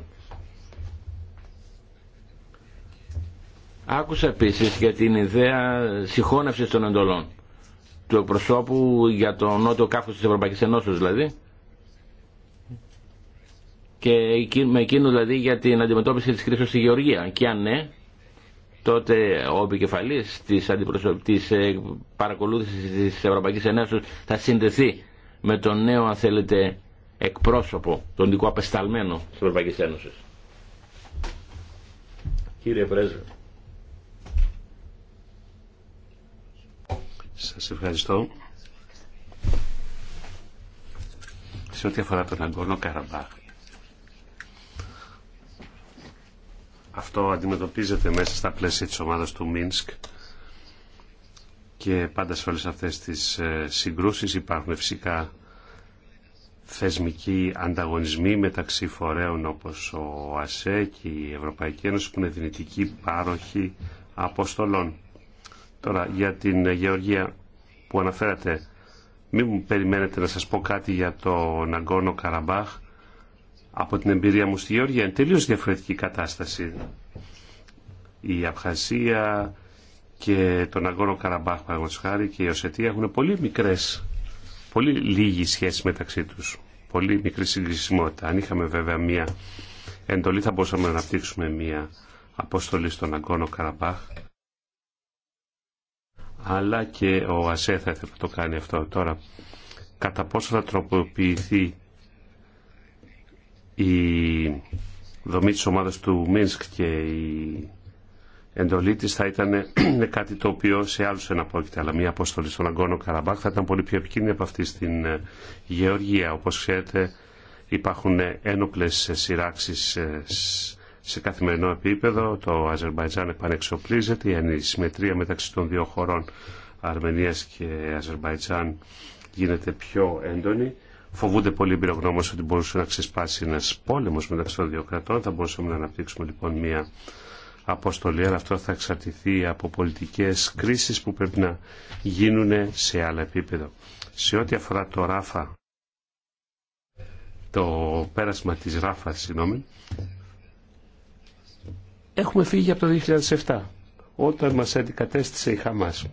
Άκουσα επίση για την ιδέα συγχώνευση των εντολών του εκπροσώπου για τον Νότιο Κάφκο της Ευρωπαϊκής Ενώσεως δηλαδή και με εκείνο δηλαδή για την αντιμετώπιση της κρίσης στη Γεωργία και αν ναι τότε ο επικεφαλής της, παρακολούθηση ε, παρακολούθησης της Ευρωπαϊκής θα συνδεθεί με τον νέο αν θέλετε εκπρόσωπο, τον δικό απεσταλμένο
της Ευρωπαϊκής Ένωσης. Κύριε Πρέσβη. Σας ευχαριστώ. Σε ό,τι αφορά τον Αγκόνο Καραμπάχ. Αυτό αντιμετωπίζεται μέσα στα πλαίσια της ομάδας του Μίνσκ και πάντα σε όλες αυτές τις ε, συγκρούσεις υπάρχουν φυσικά θεσμικοί ανταγωνισμοί μεταξύ φορέων όπως ο ΑΣΕ και η Ευρωπαϊκή Ένωση που είναι δυνητικοί πάροχοι αποστολών. Τώρα για την γεωργία που αναφέρατε, μην μου περιμένετε να σας πω κάτι για το Ναγκόνο Καραμπάχ. Από την εμπειρία μου στη Γεωργία είναι τελείως διαφορετική κατάσταση. Η Αυχασία και το Ναγκόνο Καραμπάχ, παραγωγικά και η Οσετία έχουν πολύ μικρές, πολύ λίγη σχέση μεταξύ τους. Πολύ μικρή συγκρισιμότητα. Αν είχαμε βέβαια μία εντολή θα μπορούσαμε να αναπτύξουμε μία αποστολή στον ναγκονο Καραμπάχ αλλά και ο ΑΣΕ θα ήθελε να το κάνει αυτό τώρα. Κατά πόσο θα τροποποιηθεί η δομή της ομάδας του Μίνσκ και η εντολή της θα ήταν κάτι το οποίο σε άλλους εναπόκειται, αλλά μια αποστολή στον Αγκόνο Καραμπάχ θα ήταν πολύ πιο επικίνδυνη από αυτή στην ε, Γεωργία. Όπως ξέρετε υπάρχουν ένοπλες σειράξεις ε, σε καθημερινό επίπεδο. Το Αζερμπαϊτζάν επανεξοπλίζεται. Η ανησυμετρία μεταξύ των δύο χωρών Αρμενίας και Αζερμπαϊτζάν γίνεται πιο έντονη. Φοβούνται πολύ οι πυρογνώμες ότι μπορούσε να ξεσπάσει ένα πόλεμο μεταξύ των δύο κρατών. Θα μπορούσαμε να αναπτύξουμε λοιπόν μια αποστολή, αλλά αυτό θα εξαρτηθεί από πολιτικέ κρίσει που πρέπει να γίνουν σε άλλα επίπεδο. Σε ό,τι αφορά το ράφα, το πέρασμα της ράφα, συγγνώμη, Έχουμε φύγει από το 2007, όταν μας αντικατέστησε η Χαμάς.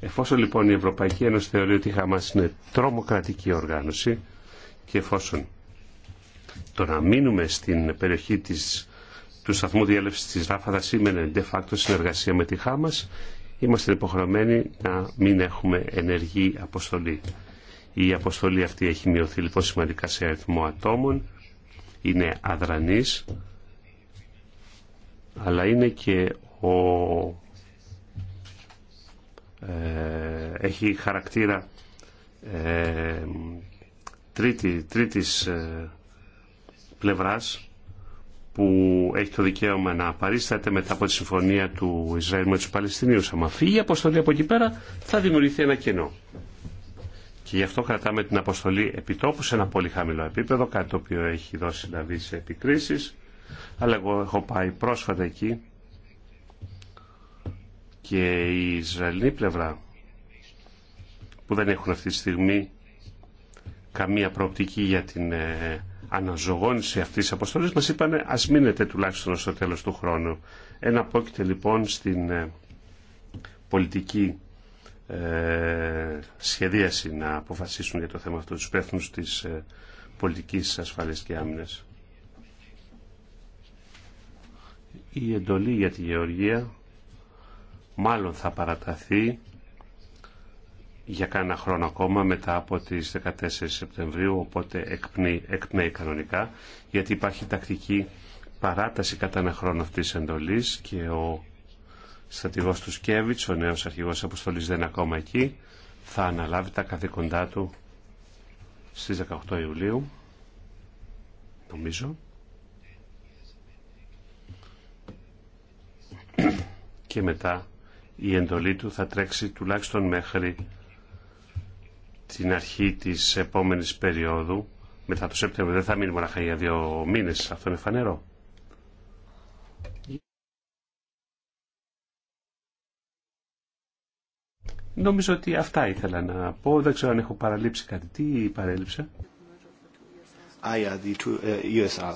Εφόσον λοιπόν η Ευρωπαϊκή Ένωση θεωρεί ότι η Χαμάς είναι τρομοκρατική οργάνωση και εφόσον το να μείνουμε στην περιοχή της, του σταθμού διέλευσης της Ράφα θα σήμαινε de facto συνεργασία με τη Χάμας, είμαστε υποχρεωμένοι να μην έχουμε ενεργή αποστολή. Η αποστολή αυτή έχει μειωθεί λοιπόν σημαντικά σε αριθμό ατόμων είναι αδρανής αλλά είναι και ο, ε, έχει χαρακτήρα ε, τρίτη, τρίτης ε, πλευράς που έχει το δικαίωμα να παρίσταται μετά από τη συμφωνία του Ισραήλ με τους Παλαιστινίους. Αν φύγει η αποστολή από εκεί πέρα θα δημιουργηθεί ένα κενό. Και γι' αυτό κρατάμε την αποστολή επιτόπου σε ένα πολύ χαμηλό επίπεδο, κάτι το οποίο έχει δώσει να βγει σε επικρίσεις. Αλλά εγώ έχω πάει πρόσφατα εκεί και η Ισραηλινή πλευρά που δεν έχουν αυτή τη στιγμή καμία προοπτική για την ε, αναζωγόνηση αυτής της αποστολής μας είπανε ας μείνετε τουλάχιστον στο τέλος του χρόνου. Ένα πρόκειται λοιπόν στην ε, πολιτική ε, σχεδίαση να αποφασίσουν για το θέμα αυτό τους υπεύθυνους της ε, πολιτικής ασφάλειας και άμυνας. Η εντολή για τη Γεωργία μάλλον θα παραταθεί για κάνα χρόνο ακόμα μετά από τις 14 Σεπτεμβρίου, οπότε εκπνει εκπνέει κανονικά, γιατί υπάρχει τακτική παράταση κατά ένα χρόνο αυτής της εντολής και ο στρατηγός του Σκέβιτς, ο νέος αρχηγός αποστολής δεν είναι ακόμα εκεί, θα αναλάβει τα καθήκοντά του στις 18 Ιουλίου, νομίζω. Και μετά η εντολή του θα τρέξει τουλάχιστον μέχρι την αρχή της επόμενης περίοδου. Μετά το Σεπτέμβριο δεν θα μείνει μόνο για δύο μήνες, αυτό είναι φανερό. Νομίζω ότι αυτά ήθελα να πω. Δεν ξέρω αν έχω παραλείψει κάτι. Τι παρέλειψα.
Ah, uh,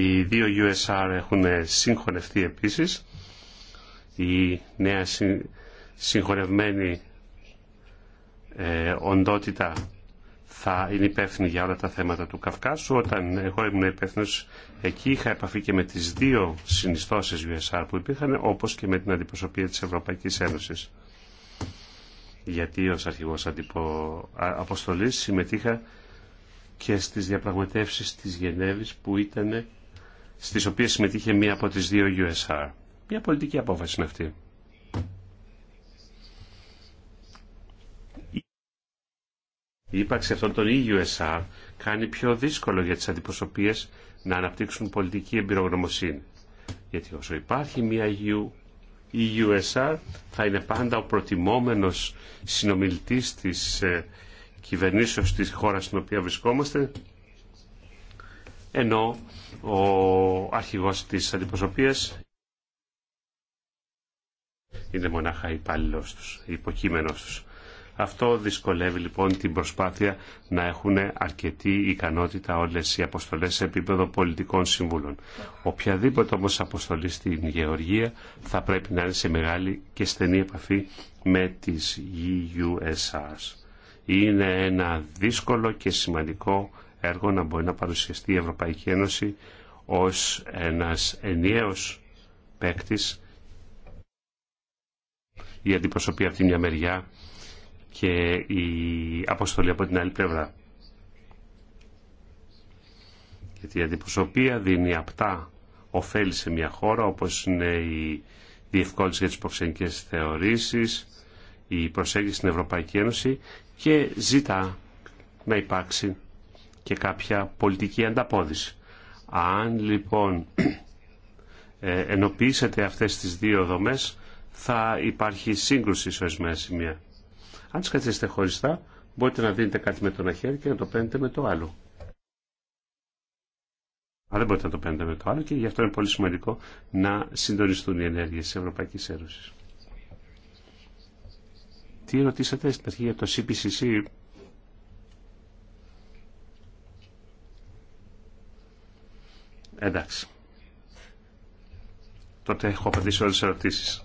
Οι δύο USR έχουν συγχωνευτεί επίσης. Η νέα συγχωνευμένη ε, οντότητα θα είναι υπεύθυνη για όλα τα θέματα του Καυκάσου. Όταν εγώ ήμουν υπεύθυνο εκεί είχα επαφή και με τι δύο συνιστώσει USR που υπήρχαν όπω και με την αντιπροσωπεία τη Ευρωπαϊκή Ένωση. Γιατί ω αρχηγός αποστολή συμμετείχα και στι διαπραγματεύσει τη Γενέβη που ήταν στις οποίες συμμετείχε μία από τις δύο USR. Μια πολιτική απόφαση είναι αυτή. Η ύπαρξη αυτών των EUSR κάνει πιο δύσκολο για τις αντιπροσωπείες να αναπτύξουν πολιτική εμπειρογνωμοσύνη. Γιατί όσο υπάρχει μια EU, EUSR θα είναι πάντα ο προτιμόμενος συνομιλητής της ε, κυβερνήσεως της χώρας στην οποία βρισκόμαστε ενώ ο αρχηγός της αντιπροσωπείας είναι μονάχα υπάλληλο τους, υποκείμενος τους. Αυτό δυσκολεύει λοιπόν την προσπάθεια να έχουν αρκετή ικανότητα όλες οι αποστολές σε επίπεδο πολιτικών συμβούλων. Οποιαδήποτε όμως αποστολή στην Γεωργία θα πρέπει να είναι σε μεγάλη και στενή επαφή με τις EUSRs. Είναι ένα δύσκολο και σημαντικό έργο να μπορεί να παρουσιαστεί η Ευρωπαϊκή Ένωση ως ένας ενιαίος παίκτης η αντιπροσωπή από μια μεριά και η αποστολή από την άλλη πλευρά. Γιατί η αντιπροσωπεία δίνει απτά ωφέλη σε μια χώρα όπως είναι η διευκόλυνση για τις προξενικέ θεωρήσεις, η προσέγγιση στην Ευρωπαϊκή Ένωση και ζητά να υπάρξει και κάποια πολιτική ανταπόδηση. Αν λοιπόν ε, ενοποιήσετε αυτές τις δύο δομές θα υπάρχει σύγκρουση σε ορισμένα σημεία. Αν τις καθίσετε χωριστά, μπορείτε να δίνετε κάτι με το ένα χέρι και να το παίρνετε με το άλλο. Αλλά δεν μπορείτε να το παίρνετε με το άλλο και γι' αυτό είναι πολύ σημαντικό να συντονιστούν οι ενέργειες της Ευρωπαϊκής Ένωσης. Τι ρωτήσατε στην αρχή για το CPCC. Εντάξει. Τότε έχω απαντήσει όλες τις ερωτήσεις.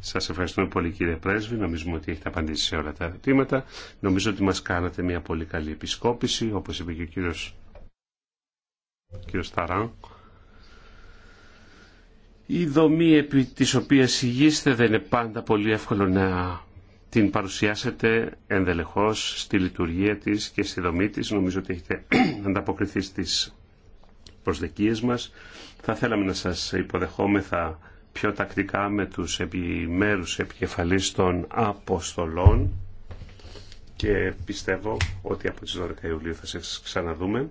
Σας ευχαριστούμε πολύ κύριε Πρέσβη. Νομίζουμε ότι έχετε απαντήσει σε όλα τα ερωτήματα. Νομίζω ότι μας κάνατε μια πολύ καλή επισκόπηση, όπως είπε και ο κύριος, κύριος Ταράν. Η δομή επί της οποίας υγείστε δεν είναι πάντα πολύ εύκολο να την παρουσιάσετε ενδελεχώς στη λειτουργία της και στη δομή της. Νομίζω ότι έχετε ανταποκριθεί στις προσδοκίες μας. Θα θέλαμε να σας υποδεχόμεθα πιο τακτικά με τους επιμέρους επικεφαλής των Αποστολών και πιστεύω ότι από τις 12 Ιουλίου θα σας ξαναδούμε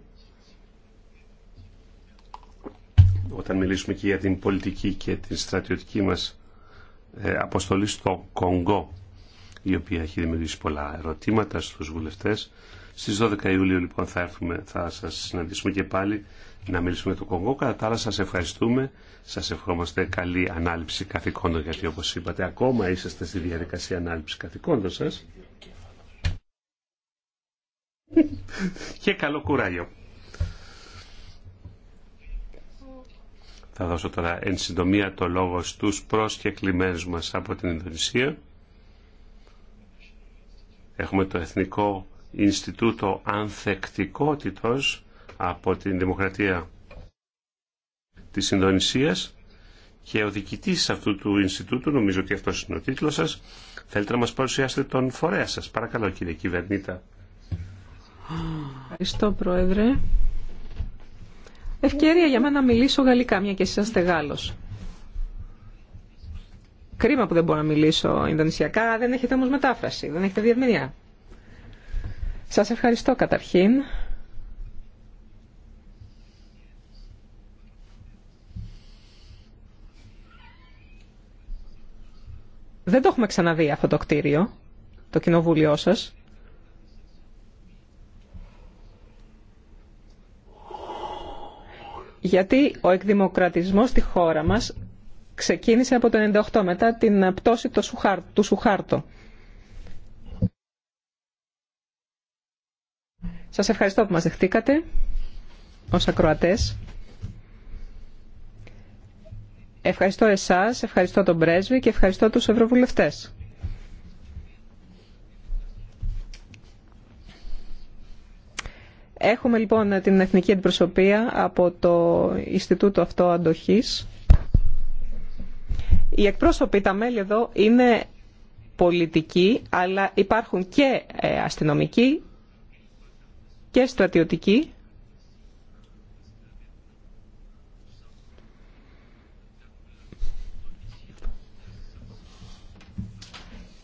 όταν μιλήσουμε και για την πολιτική και την στρατιωτική μας ε, αποστολή στο Κονγκό η οποία έχει δημιουργήσει πολλά ερωτήματα στους βουλευτές. Στις 12 Ιουλίου λοιπόν θα, έρθουμε, θα σας συναντήσουμε και πάλι να μιλήσουμε το Κονγκό. Κατά τα άλλα σας ευχαριστούμε, σας ευχόμαστε καλή ανάληψη καθηκόντων γιατί όπως είπατε ακόμα είσαστε στη διαδικασία ανάληψη καθηκόντων σας. Και καλό κουράγιο. Θα δώσω τώρα εν συντομία το λόγο στους προσκεκλημένους μας από την Ινδονησία. Έχουμε το Εθνικό Ινστιτούτο Ανθεκτικότητος από την Δημοκρατία της Ινδονησίας και ο διοικητής αυτού του Ινστιτούτου, νομίζω ότι αυτός είναι ο τίτλος σας, θέλετε να μας παρουσιάσετε τον φορέα σας. Παρακαλώ κύριε Κυβερνήτα.
Ευχαριστώ Πρόεδρε. Ευκαιρία για μένα να μιλήσω γαλλικά, μια και εσείς είστε Γάλλος. Κρίμα που δεν μπορώ να μιλήσω Ινδονησιακά, δεν έχετε όμως μετάφραση, δεν έχετε διευμηνία. Σας ευχαριστώ καταρχήν Δεν το έχουμε ξαναδεί αυτό το κτίριο, το κοινοβούλιο σας. Γιατί ο εκδημοκρατισμός στη χώρα μας ξεκίνησε από το 1998 μετά την πτώση του Σουχάρτο. Σας ευχαριστώ που μας δεχτήκατε ως ακροατές. Ευχαριστώ εσάς, ευχαριστώ τον πρέσβη και ευχαριστώ τους ευρωβουλευτές. Έχουμε λοιπόν την Εθνική Αντιπροσωπεία από το Ινστιτούτο αυτό Αντοχής. Οι εκπρόσωποι, τα μέλη εδώ είναι πολιτικοί, αλλά υπάρχουν και ε, αστυνομικοί και στρατιωτικοί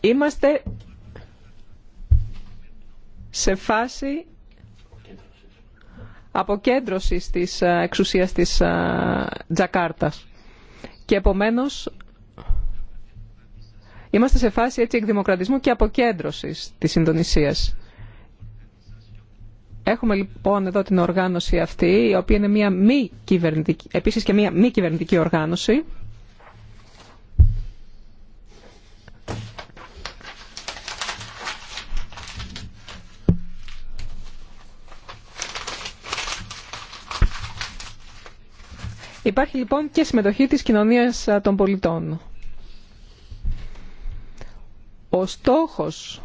Είμαστε σε φάση αποκέντρωσης της ε, εξουσίας της ε, Τζακάρτας. Και επομένως είμαστε σε φάση έτσι εκδημοκρατισμού και αποκέντρωσης της Ινδονησίας. Έχουμε λοιπόν εδώ την οργάνωση αυτή, η οποία είναι μια μη κυβερνητική, επίσης και μια μη κυβερνητική οργάνωση, Υπάρχει λοιπόν και συμμετοχή της κοινωνίας των πολιτών. Ο στόχος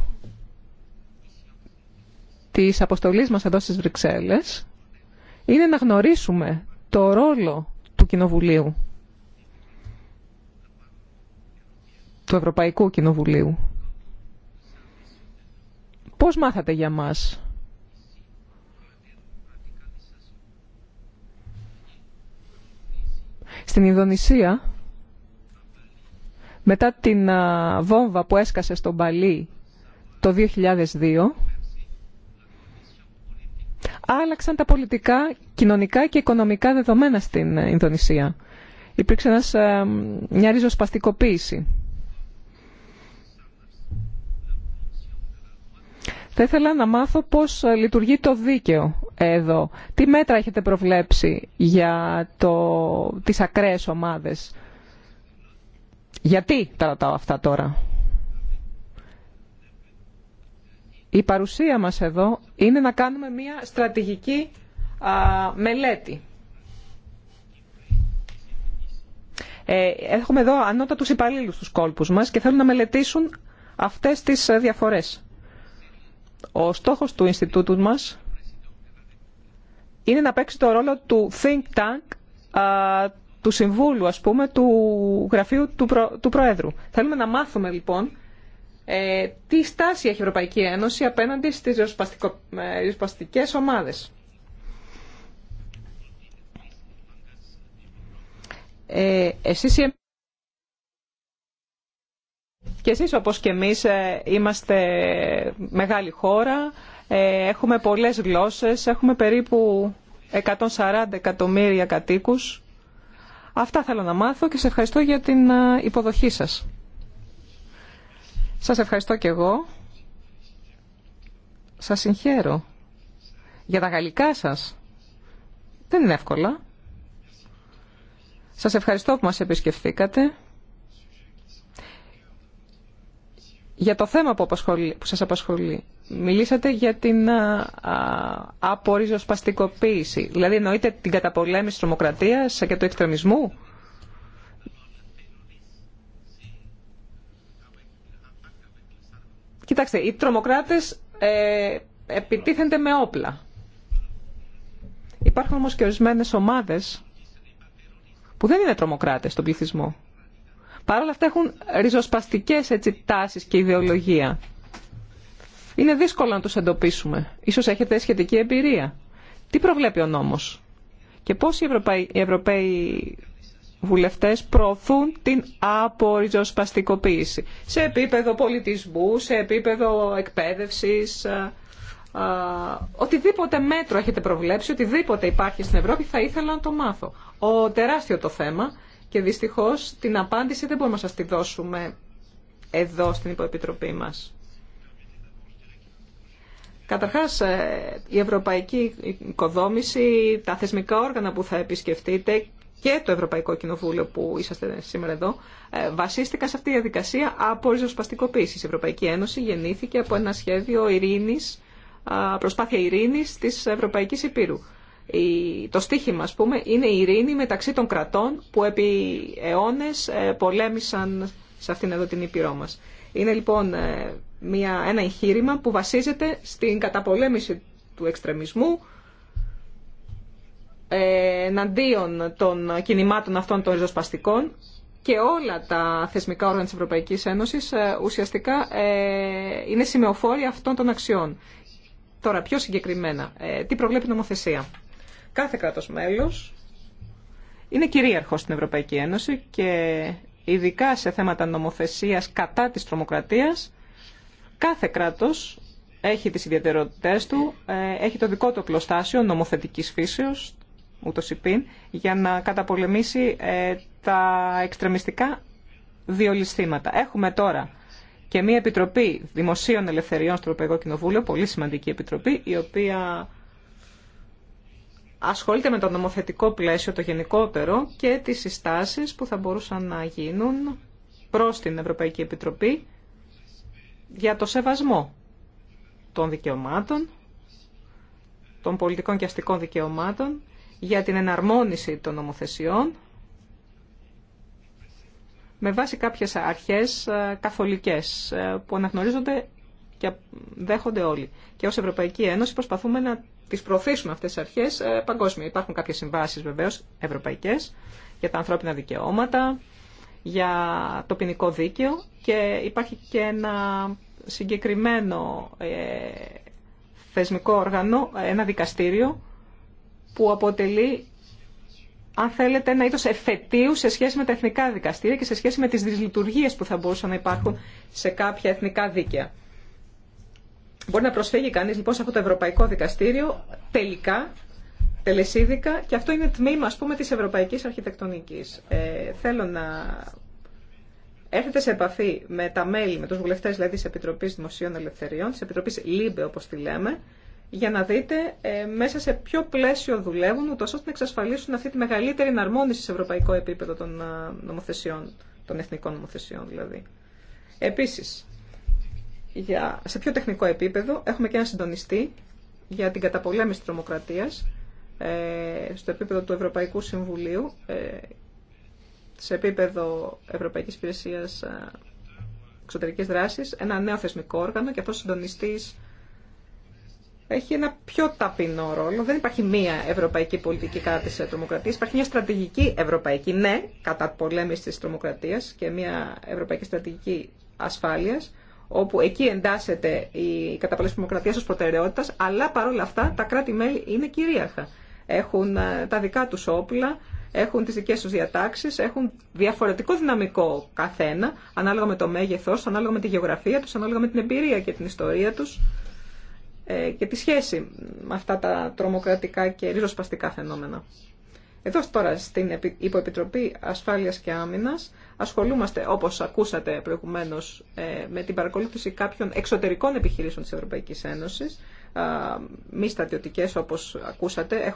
της αποστολής μας εδώ στις Βρυξέλλες είναι να γνωρίσουμε το ρόλο του Κοινοβουλίου, του Ευρωπαϊκού Κοινοβουλίου. Πώς μάθατε για μας Στην Ινδονησία, μετά την βόμβα που έσκασε στον Παλί το 2002, άλλαξαν τα πολιτικά, κοινωνικά και οικονομικά δεδομένα στην ε, Ινδονησία. Υπήρξε ένας, ε, μια ριζοσπαστικοποίηση. Θα ήθελα να μάθω πώς ε, λειτουργεί το δίκαιο εδώ. Τι μέτρα έχετε προβλέψει για το, τις ακραίες ομάδες. Γιατί τα ρωτάω αυτά τώρα. Η παρουσία μας εδώ είναι να κάνουμε μια στρατηγική μελέτη. Ε, έχουμε εδώ ανώτατους υπαλλήλους στους κόλπους μας και θέλουν να μελετήσουν αυτές τις ε, διαφορές. Ο στόχος του Ινστιτούτου μας είναι να παίξει το ρόλο του think tank, του συμβούλου, ας πούμε, του γραφείου του, Προέδρου. Θέλουμε να μάθουμε, λοιπόν, ε, τι στάση έχει η Ευρωπαϊκή Ένωση απέναντι στις ριζοσπαστικο... Ε, ομάδες. Ε, εσείς... Και εσείς όπως και εμείς ε, είμαστε μεγάλη χώρα, ε, έχουμε πολλές γλώσσες, έχουμε περίπου 140 εκατομμύρια κατοίκους. Αυτά θέλω να μάθω και σε ευχαριστώ για την ε, υποδοχή σας. Σας ευχαριστώ και εγώ. Σας συγχαίρω για τα γαλλικά σας. Δεν είναι εύκολα. Σας ευχαριστώ που μας επισκεφθήκατε. Για το θέμα που, απασχολεί, που σας απασχολεί. Μιλήσατε για την απορριζοσπαστικοποίηση. Δηλαδή εννοείται την καταπολέμηση της τρομοκρατίας και του εκτρεμισμού. Κοιτάξτε, οι τρομοκράτες ε, επιτίθενται με όπλα. Υπάρχουν όμως και ορισμένε ομάδες που δεν είναι τρομοκράτες στον πληθυσμό. Παρ' όλα αυτά έχουν ριζοσπαστικές έτσι, τάσεις και ιδεολογία. Είναι δύσκολο να τους εντοπίσουμε. Ίσως έχετε σχετική εμπειρία. Τι προβλέπει ο νόμος και πώς οι Ευρωπαίοι, οι Ευρωπαίοι βουλευτές προωθούν την απορριζοσπαστικοποίηση σε επίπεδο πολιτισμού, σε επίπεδο εκπαίδευσης, ε, ε, οτιδήποτε μέτρο έχετε προβλέψει, οτιδήποτε υπάρχει στην Ευρώπη θα ήθελα να το μάθω. Ο τεράστιο το θέμα και δυστυχώς την απάντηση δεν μπορούμε να σας τη δώσουμε εδώ στην υποεπιτροπή μας. Καταρχάς, ε, η ευρωπαϊκή οικοδόμηση, τα θεσμικά όργανα που θα επισκεφτείτε και το Ευρωπαϊκό Κοινοβούλιο που είσαστε σήμερα εδώ, ε, βασίστηκαν σε αυτή τη διαδικασία από ριζοσπαστικοποίηση. Η Ευρωπαϊκή Ένωση γεννήθηκε από ένα σχέδιο ειρήνης, προσπάθεια ειρήνης της Ευρωπαϊκής Υπήρου. Το στίχημα, ας πούμε, είναι η ειρήνη μεταξύ των κρατών που επί αιώνες ε, πολέμησαν σε αυτήν εδώ την Υπηρό μας. Είναι λοιπόν μια, ένα εγχείρημα που βασίζεται στην καταπολέμηση του εξτρεμισμού ε, εναντίον των κινημάτων αυτών των ριζοσπαστικών και όλα τα θεσμικά όργανα της Ευρωπαϊκής Ένωσης ε, ουσιαστικά ε, είναι σημεοφόροι αυτών των αξιών. Τώρα, πιο συγκεκριμένα, τι προβλέπει η νομοθεσία. Κάθε κράτος μέλος είναι κυρίαρχο στην Ευρωπαϊκή Ένωση και ειδικά σε θέματα νομοθεσίας κατά της τρομοκρατίας Κάθε κράτος έχει τις ιδιαιτερότητές του, ε, έχει το δικό του πλωστάσιο νομοθετικής φύσεως, ούτως υπήν, για να καταπολεμήσει ε, τα εξτρεμιστικά διολυστήματα. Έχουμε τώρα και μια Επιτροπή Δημοσίων Ελευθεριών στο Ευρωπαϊκό Κοινοβούλιο, πολύ σημαντική επιτροπή, η οποία ασχολείται με το νομοθετικό πλαίσιο το γενικότερο και τις συστάσεις που θα μπορούσαν να γίνουν προς την Ευρωπαϊκή Επιτροπή για το σεβασμό των δικαιωμάτων, των πολιτικών και αστικών δικαιωμάτων, για την εναρμόνιση των νομοθεσιών, με βάση κάποιες αρχές ε, καθολικές ε, που αναγνωρίζονται και δέχονται όλοι. Και ως Ευρωπαϊκή Ένωση προσπαθούμε να τις προωθήσουμε αυτές τις αρχές ε, παγκόσμια. Υπάρχουν κάποιες συμβάσεις βεβαίως ευρωπαϊκές για τα ανθρώπινα δικαιώματα, για το ποινικό δίκαιο και υπάρχει και ένα συγκεκριμένο ε, θεσμικό όργανο, ένα δικαστήριο που αποτελεί αν θέλετε, ένα είδος εφετείου σε σχέση με τα εθνικά δικαστήρια και σε σχέση με τις δυσλειτουργίες που θα μπορούσαν να υπάρχουν σε κάποια εθνικά δίκαια. Μπορεί να προσφύγει κανείς λοιπόν σε αυτό το Ευρωπαϊκό Δικαστήριο τελικά τελεσίδικα και αυτό είναι τμήμα, ας πούμε, της ευρωπαϊκής αρχιτεκτονικής. Ε, θέλω να έρθετε σε επαφή με τα μέλη, με τους βουλευτές, δηλαδή, της Επιτροπής Δημοσίων Ελευθεριών, της Επιτροπής ΛΥΜΠΕ, όπως τη λέμε, για να δείτε ε, μέσα σε ποιο πλαίσιο δουλεύουν, ούτως ώστε να εξασφαλίσουν αυτή τη μεγαλύτερη εναρμόνιση σε ευρωπαϊκό επίπεδο των ε, νομοθεσιών, των εθνικών νομοθεσιών, δηλαδή. Επίσης, για, σε πιο τεχνικό επίπεδο έχουμε και ένα συντονιστή για την καταπολέμηση τρομοκρατίας ε, στο επίπεδο του Ευρωπαϊκού Συμβουλίου, ε, σε επίπεδο Ευρωπαϊκής Υπηρεσίας ε, εξωτερική δράση, ένα νέο θεσμικό όργανο και αυτό ο συντονιστή έχει ένα πιο ταπεινό ρόλο. Δεν υπάρχει μία ευρωπαϊκή πολιτική κατά της τρομοκρατίας. Υπάρχει μια στρατηγική ευρωπαϊκή, ναι, κατά πολέμηση της τρομοκρατία. υπαρχει μια στρατηγικη ευρωπαικη ναι κατα πολεμηση τη τρομοκρατία και μια ευρωπαϊκή στρατηγική ασφάλειας, όπου εκεί εντάσσεται η καταπολέμηση τη τρομοκρατία ω προτεραιότητα, αλλά παρόλα αυτά τα κράτη-μέλη είναι κυρίαρχα έχουν ε, τα δικά τους όπλα, έχουν τις δικές τους διατάξεις, έχουν διαφορετικό δυναμικό καθένα, ανάλογα με το μέγεθος, ανάλογα με τη γεωγραφία τους, ανάλογα με την εμπειρία και την ιστορία τους ε, και τη σχέση με αυτά τα τρομοκρατικά και ριζοσπαστικά φαινόμενα. Εδώ τώρα στην Υποεπιτροπή Ασφάλειας και Άμυνας ασχολούμαστε, όπως ακούσατε προηγουμένως, ε, με την παρακολούθηση κάποιων εξωτερικών επιχειρήσεων της Ευρωπαϊκής Ένωσης μη στρατιωτικέ όπω ακούσατε.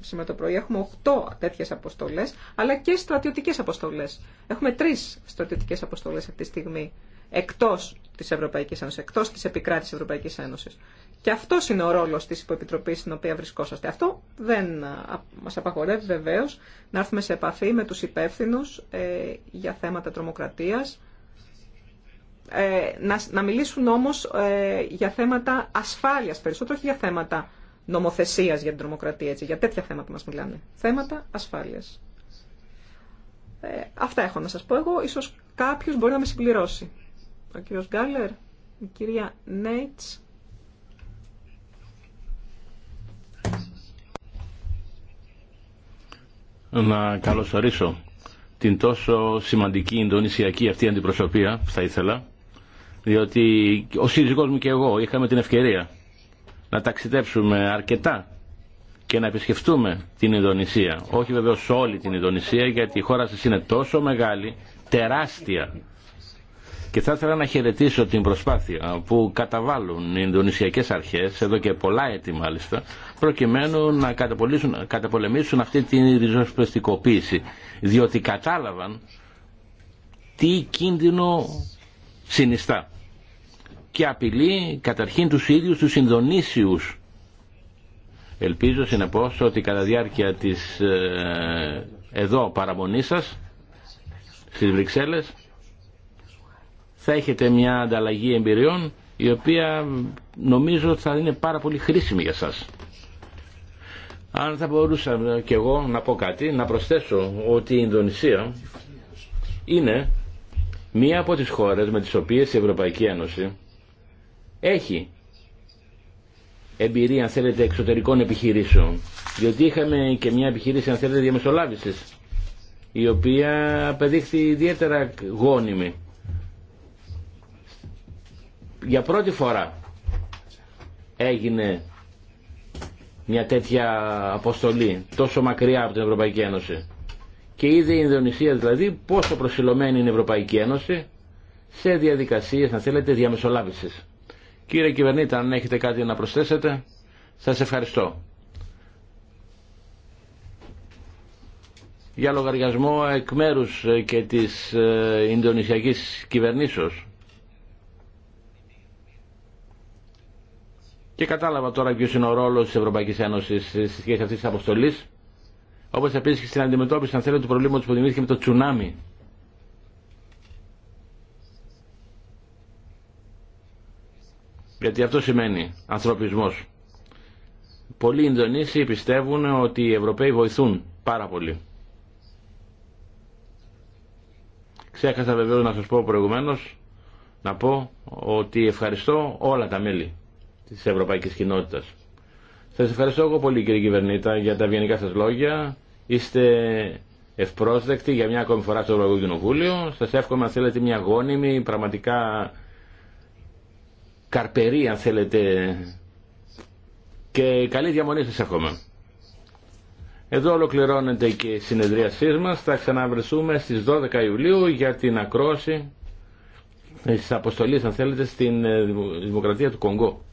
Σήμερα το πρωί έχουμε 8 τέτοιε αποστολέ, αλλά και στρατιωτικέ αποστολέ. Έχουμε τρει στρατιωτικέ αποστολέ αυτή τη στιγμή, εκτό τη Ευρωπαϊκή Ένωση, εκτό τη επικράτησης Ευρωπαϊκή Ένωση. Και αυτό είναι ο ρόλο τη υποεπιτροπή στην οποία βρισκόσαστε. Αυτό δεν μα απαγορεύει βεβαίω να έρθουμε σε επαφή με του υπεύθυνου ε, για θέματα τρομοκρατία, ε, να, μιλήσουν όμως ε, για θέματα ασφάλειας περισσότερο, όχι για θέματα νομοθεσίας για την τρομοκρατία, έτσι, για τέτοια θέματα μας μιλάνε. Θέματα ασφάλειας. Ε, αυτά έχω να σας πω εγώ. Ίσως κάποιος μπορεί να με συμπληρώσει. Ο κύριος Γκάλερ, η κυρία Νέιτς.
Να καλωσορίσω την τόσο σημαντική Ινδονησιακή αυτή αντιπροσωπεία, θα ήθελα, διότι ο σύζυγός μου και εγώ είχαμε την ευκαιρία να ταξιδέψουμε αρκετά και να επισκεφτούμε την Ινδονησία. Όχι βεβαίω όλη την Ινδονησία, γιατί η χώρα σας είναι τόσο μεγάλη, τεράστια. Και θα ήθελα να χαιρετήσω την προσπάθεια που καταβάλουν οι Ινδονησιακές αρχές, εδώ και πολλά έτη μάλιστα, προκειμένου να καταπολεμήσουν αυτή την ριζοσπαστικοποίηση. Διότι κατάλαβαν τι κίνδυνο συνιστά και απειλεί καταρχήν τους ίδιους τους Ινδονήσιους. Ελπίζω συνεπώς ότι κατά διάρκεια της ε, εδώ παραμονής σας στις Βρυξέλλες θα έχετε μια ανταλλαγή εμπειριών η οποία νομίζω θα είναι πάρα πολύ χρήσιμη για σας. Αν θα μπορούσα και εγώ να πω κάτι, να προσθέσω ότι η Ινδονησία είναι μία από τις χώρες με τις οποίες η Ευρωπαϊκή Ένωση έχει εμπειρία, αν θέλετε, εξωτερικών επιχειρήσεων. Διότι είχαμε και μια επιχείρηση, αν θέλετε, διαμεσολάβησης, η οποία απεδείχθη ιδιαίτερα γόνιμη. Για πρώτη φορά έγινε μια τέτοια αποστολή τόσο μακριά από την Ευρωπαϊκή Ένωση και είδε η Ινδονησία δηλαδή πόσο προσιλωμένη είναι η Ευρωπαϊκή Ένωση σε διαδικασίες, αν θέλετε, διαμεσολάβησης. Κύριε Κυβερνήτα, αν έχετε κάτι να προσθέσετε, σας ευχαριστώ. Για λογαριασμό εκ μέρου ε, και της ε, Ινδονησιακής κυβερνήσεως. Και κατάλαβα τώρα ποιος είναι ο ρόλος της Ευρωπαϊκής Ένωσης ε, στη σχέση αυτής της αποστολής. Όπω επίση και στην αντιμετώπιση, αν θέλετε, του προβλήματος που δημιουργήθηκε με το τσουνάμι. Γιατί αυτό σημαίνει ανθρωπισμός. Πολλοί Ινδονήσιοι πιστεύουν ότι οι Ευρωπαίοι βοηθούν πάρα πολύ. Ξέχασα βεβαίως να σας πω προηγουμένως να πω ότι ευχαριστώ όλα τα μέλη της Ευρωπαϊκής Κοινότητας. Σας ευχαριστώ εγώ πολύ κύριε Κυβερνήτα για τα ευγενικά σας λόγια Είστε ευπρόσδεκτοι για μια ακόμη φορά στο Ευρωπαϊκό Κοινοβούλιο. Σα εύχομαι αν θέλετε μια γόνιμη, πραγματικά καρπερή αν θέλετε και καλή διαμονή σας εύχομαι. Εδώ ολοκληρώνεται και η συνεδρίασή μας. Θα ξαναβρεθούμε στις 12 Ιουλίου για την ακρόση της αποστολής, αν θέλετε, στην Δημοκρατία του Κονγκό.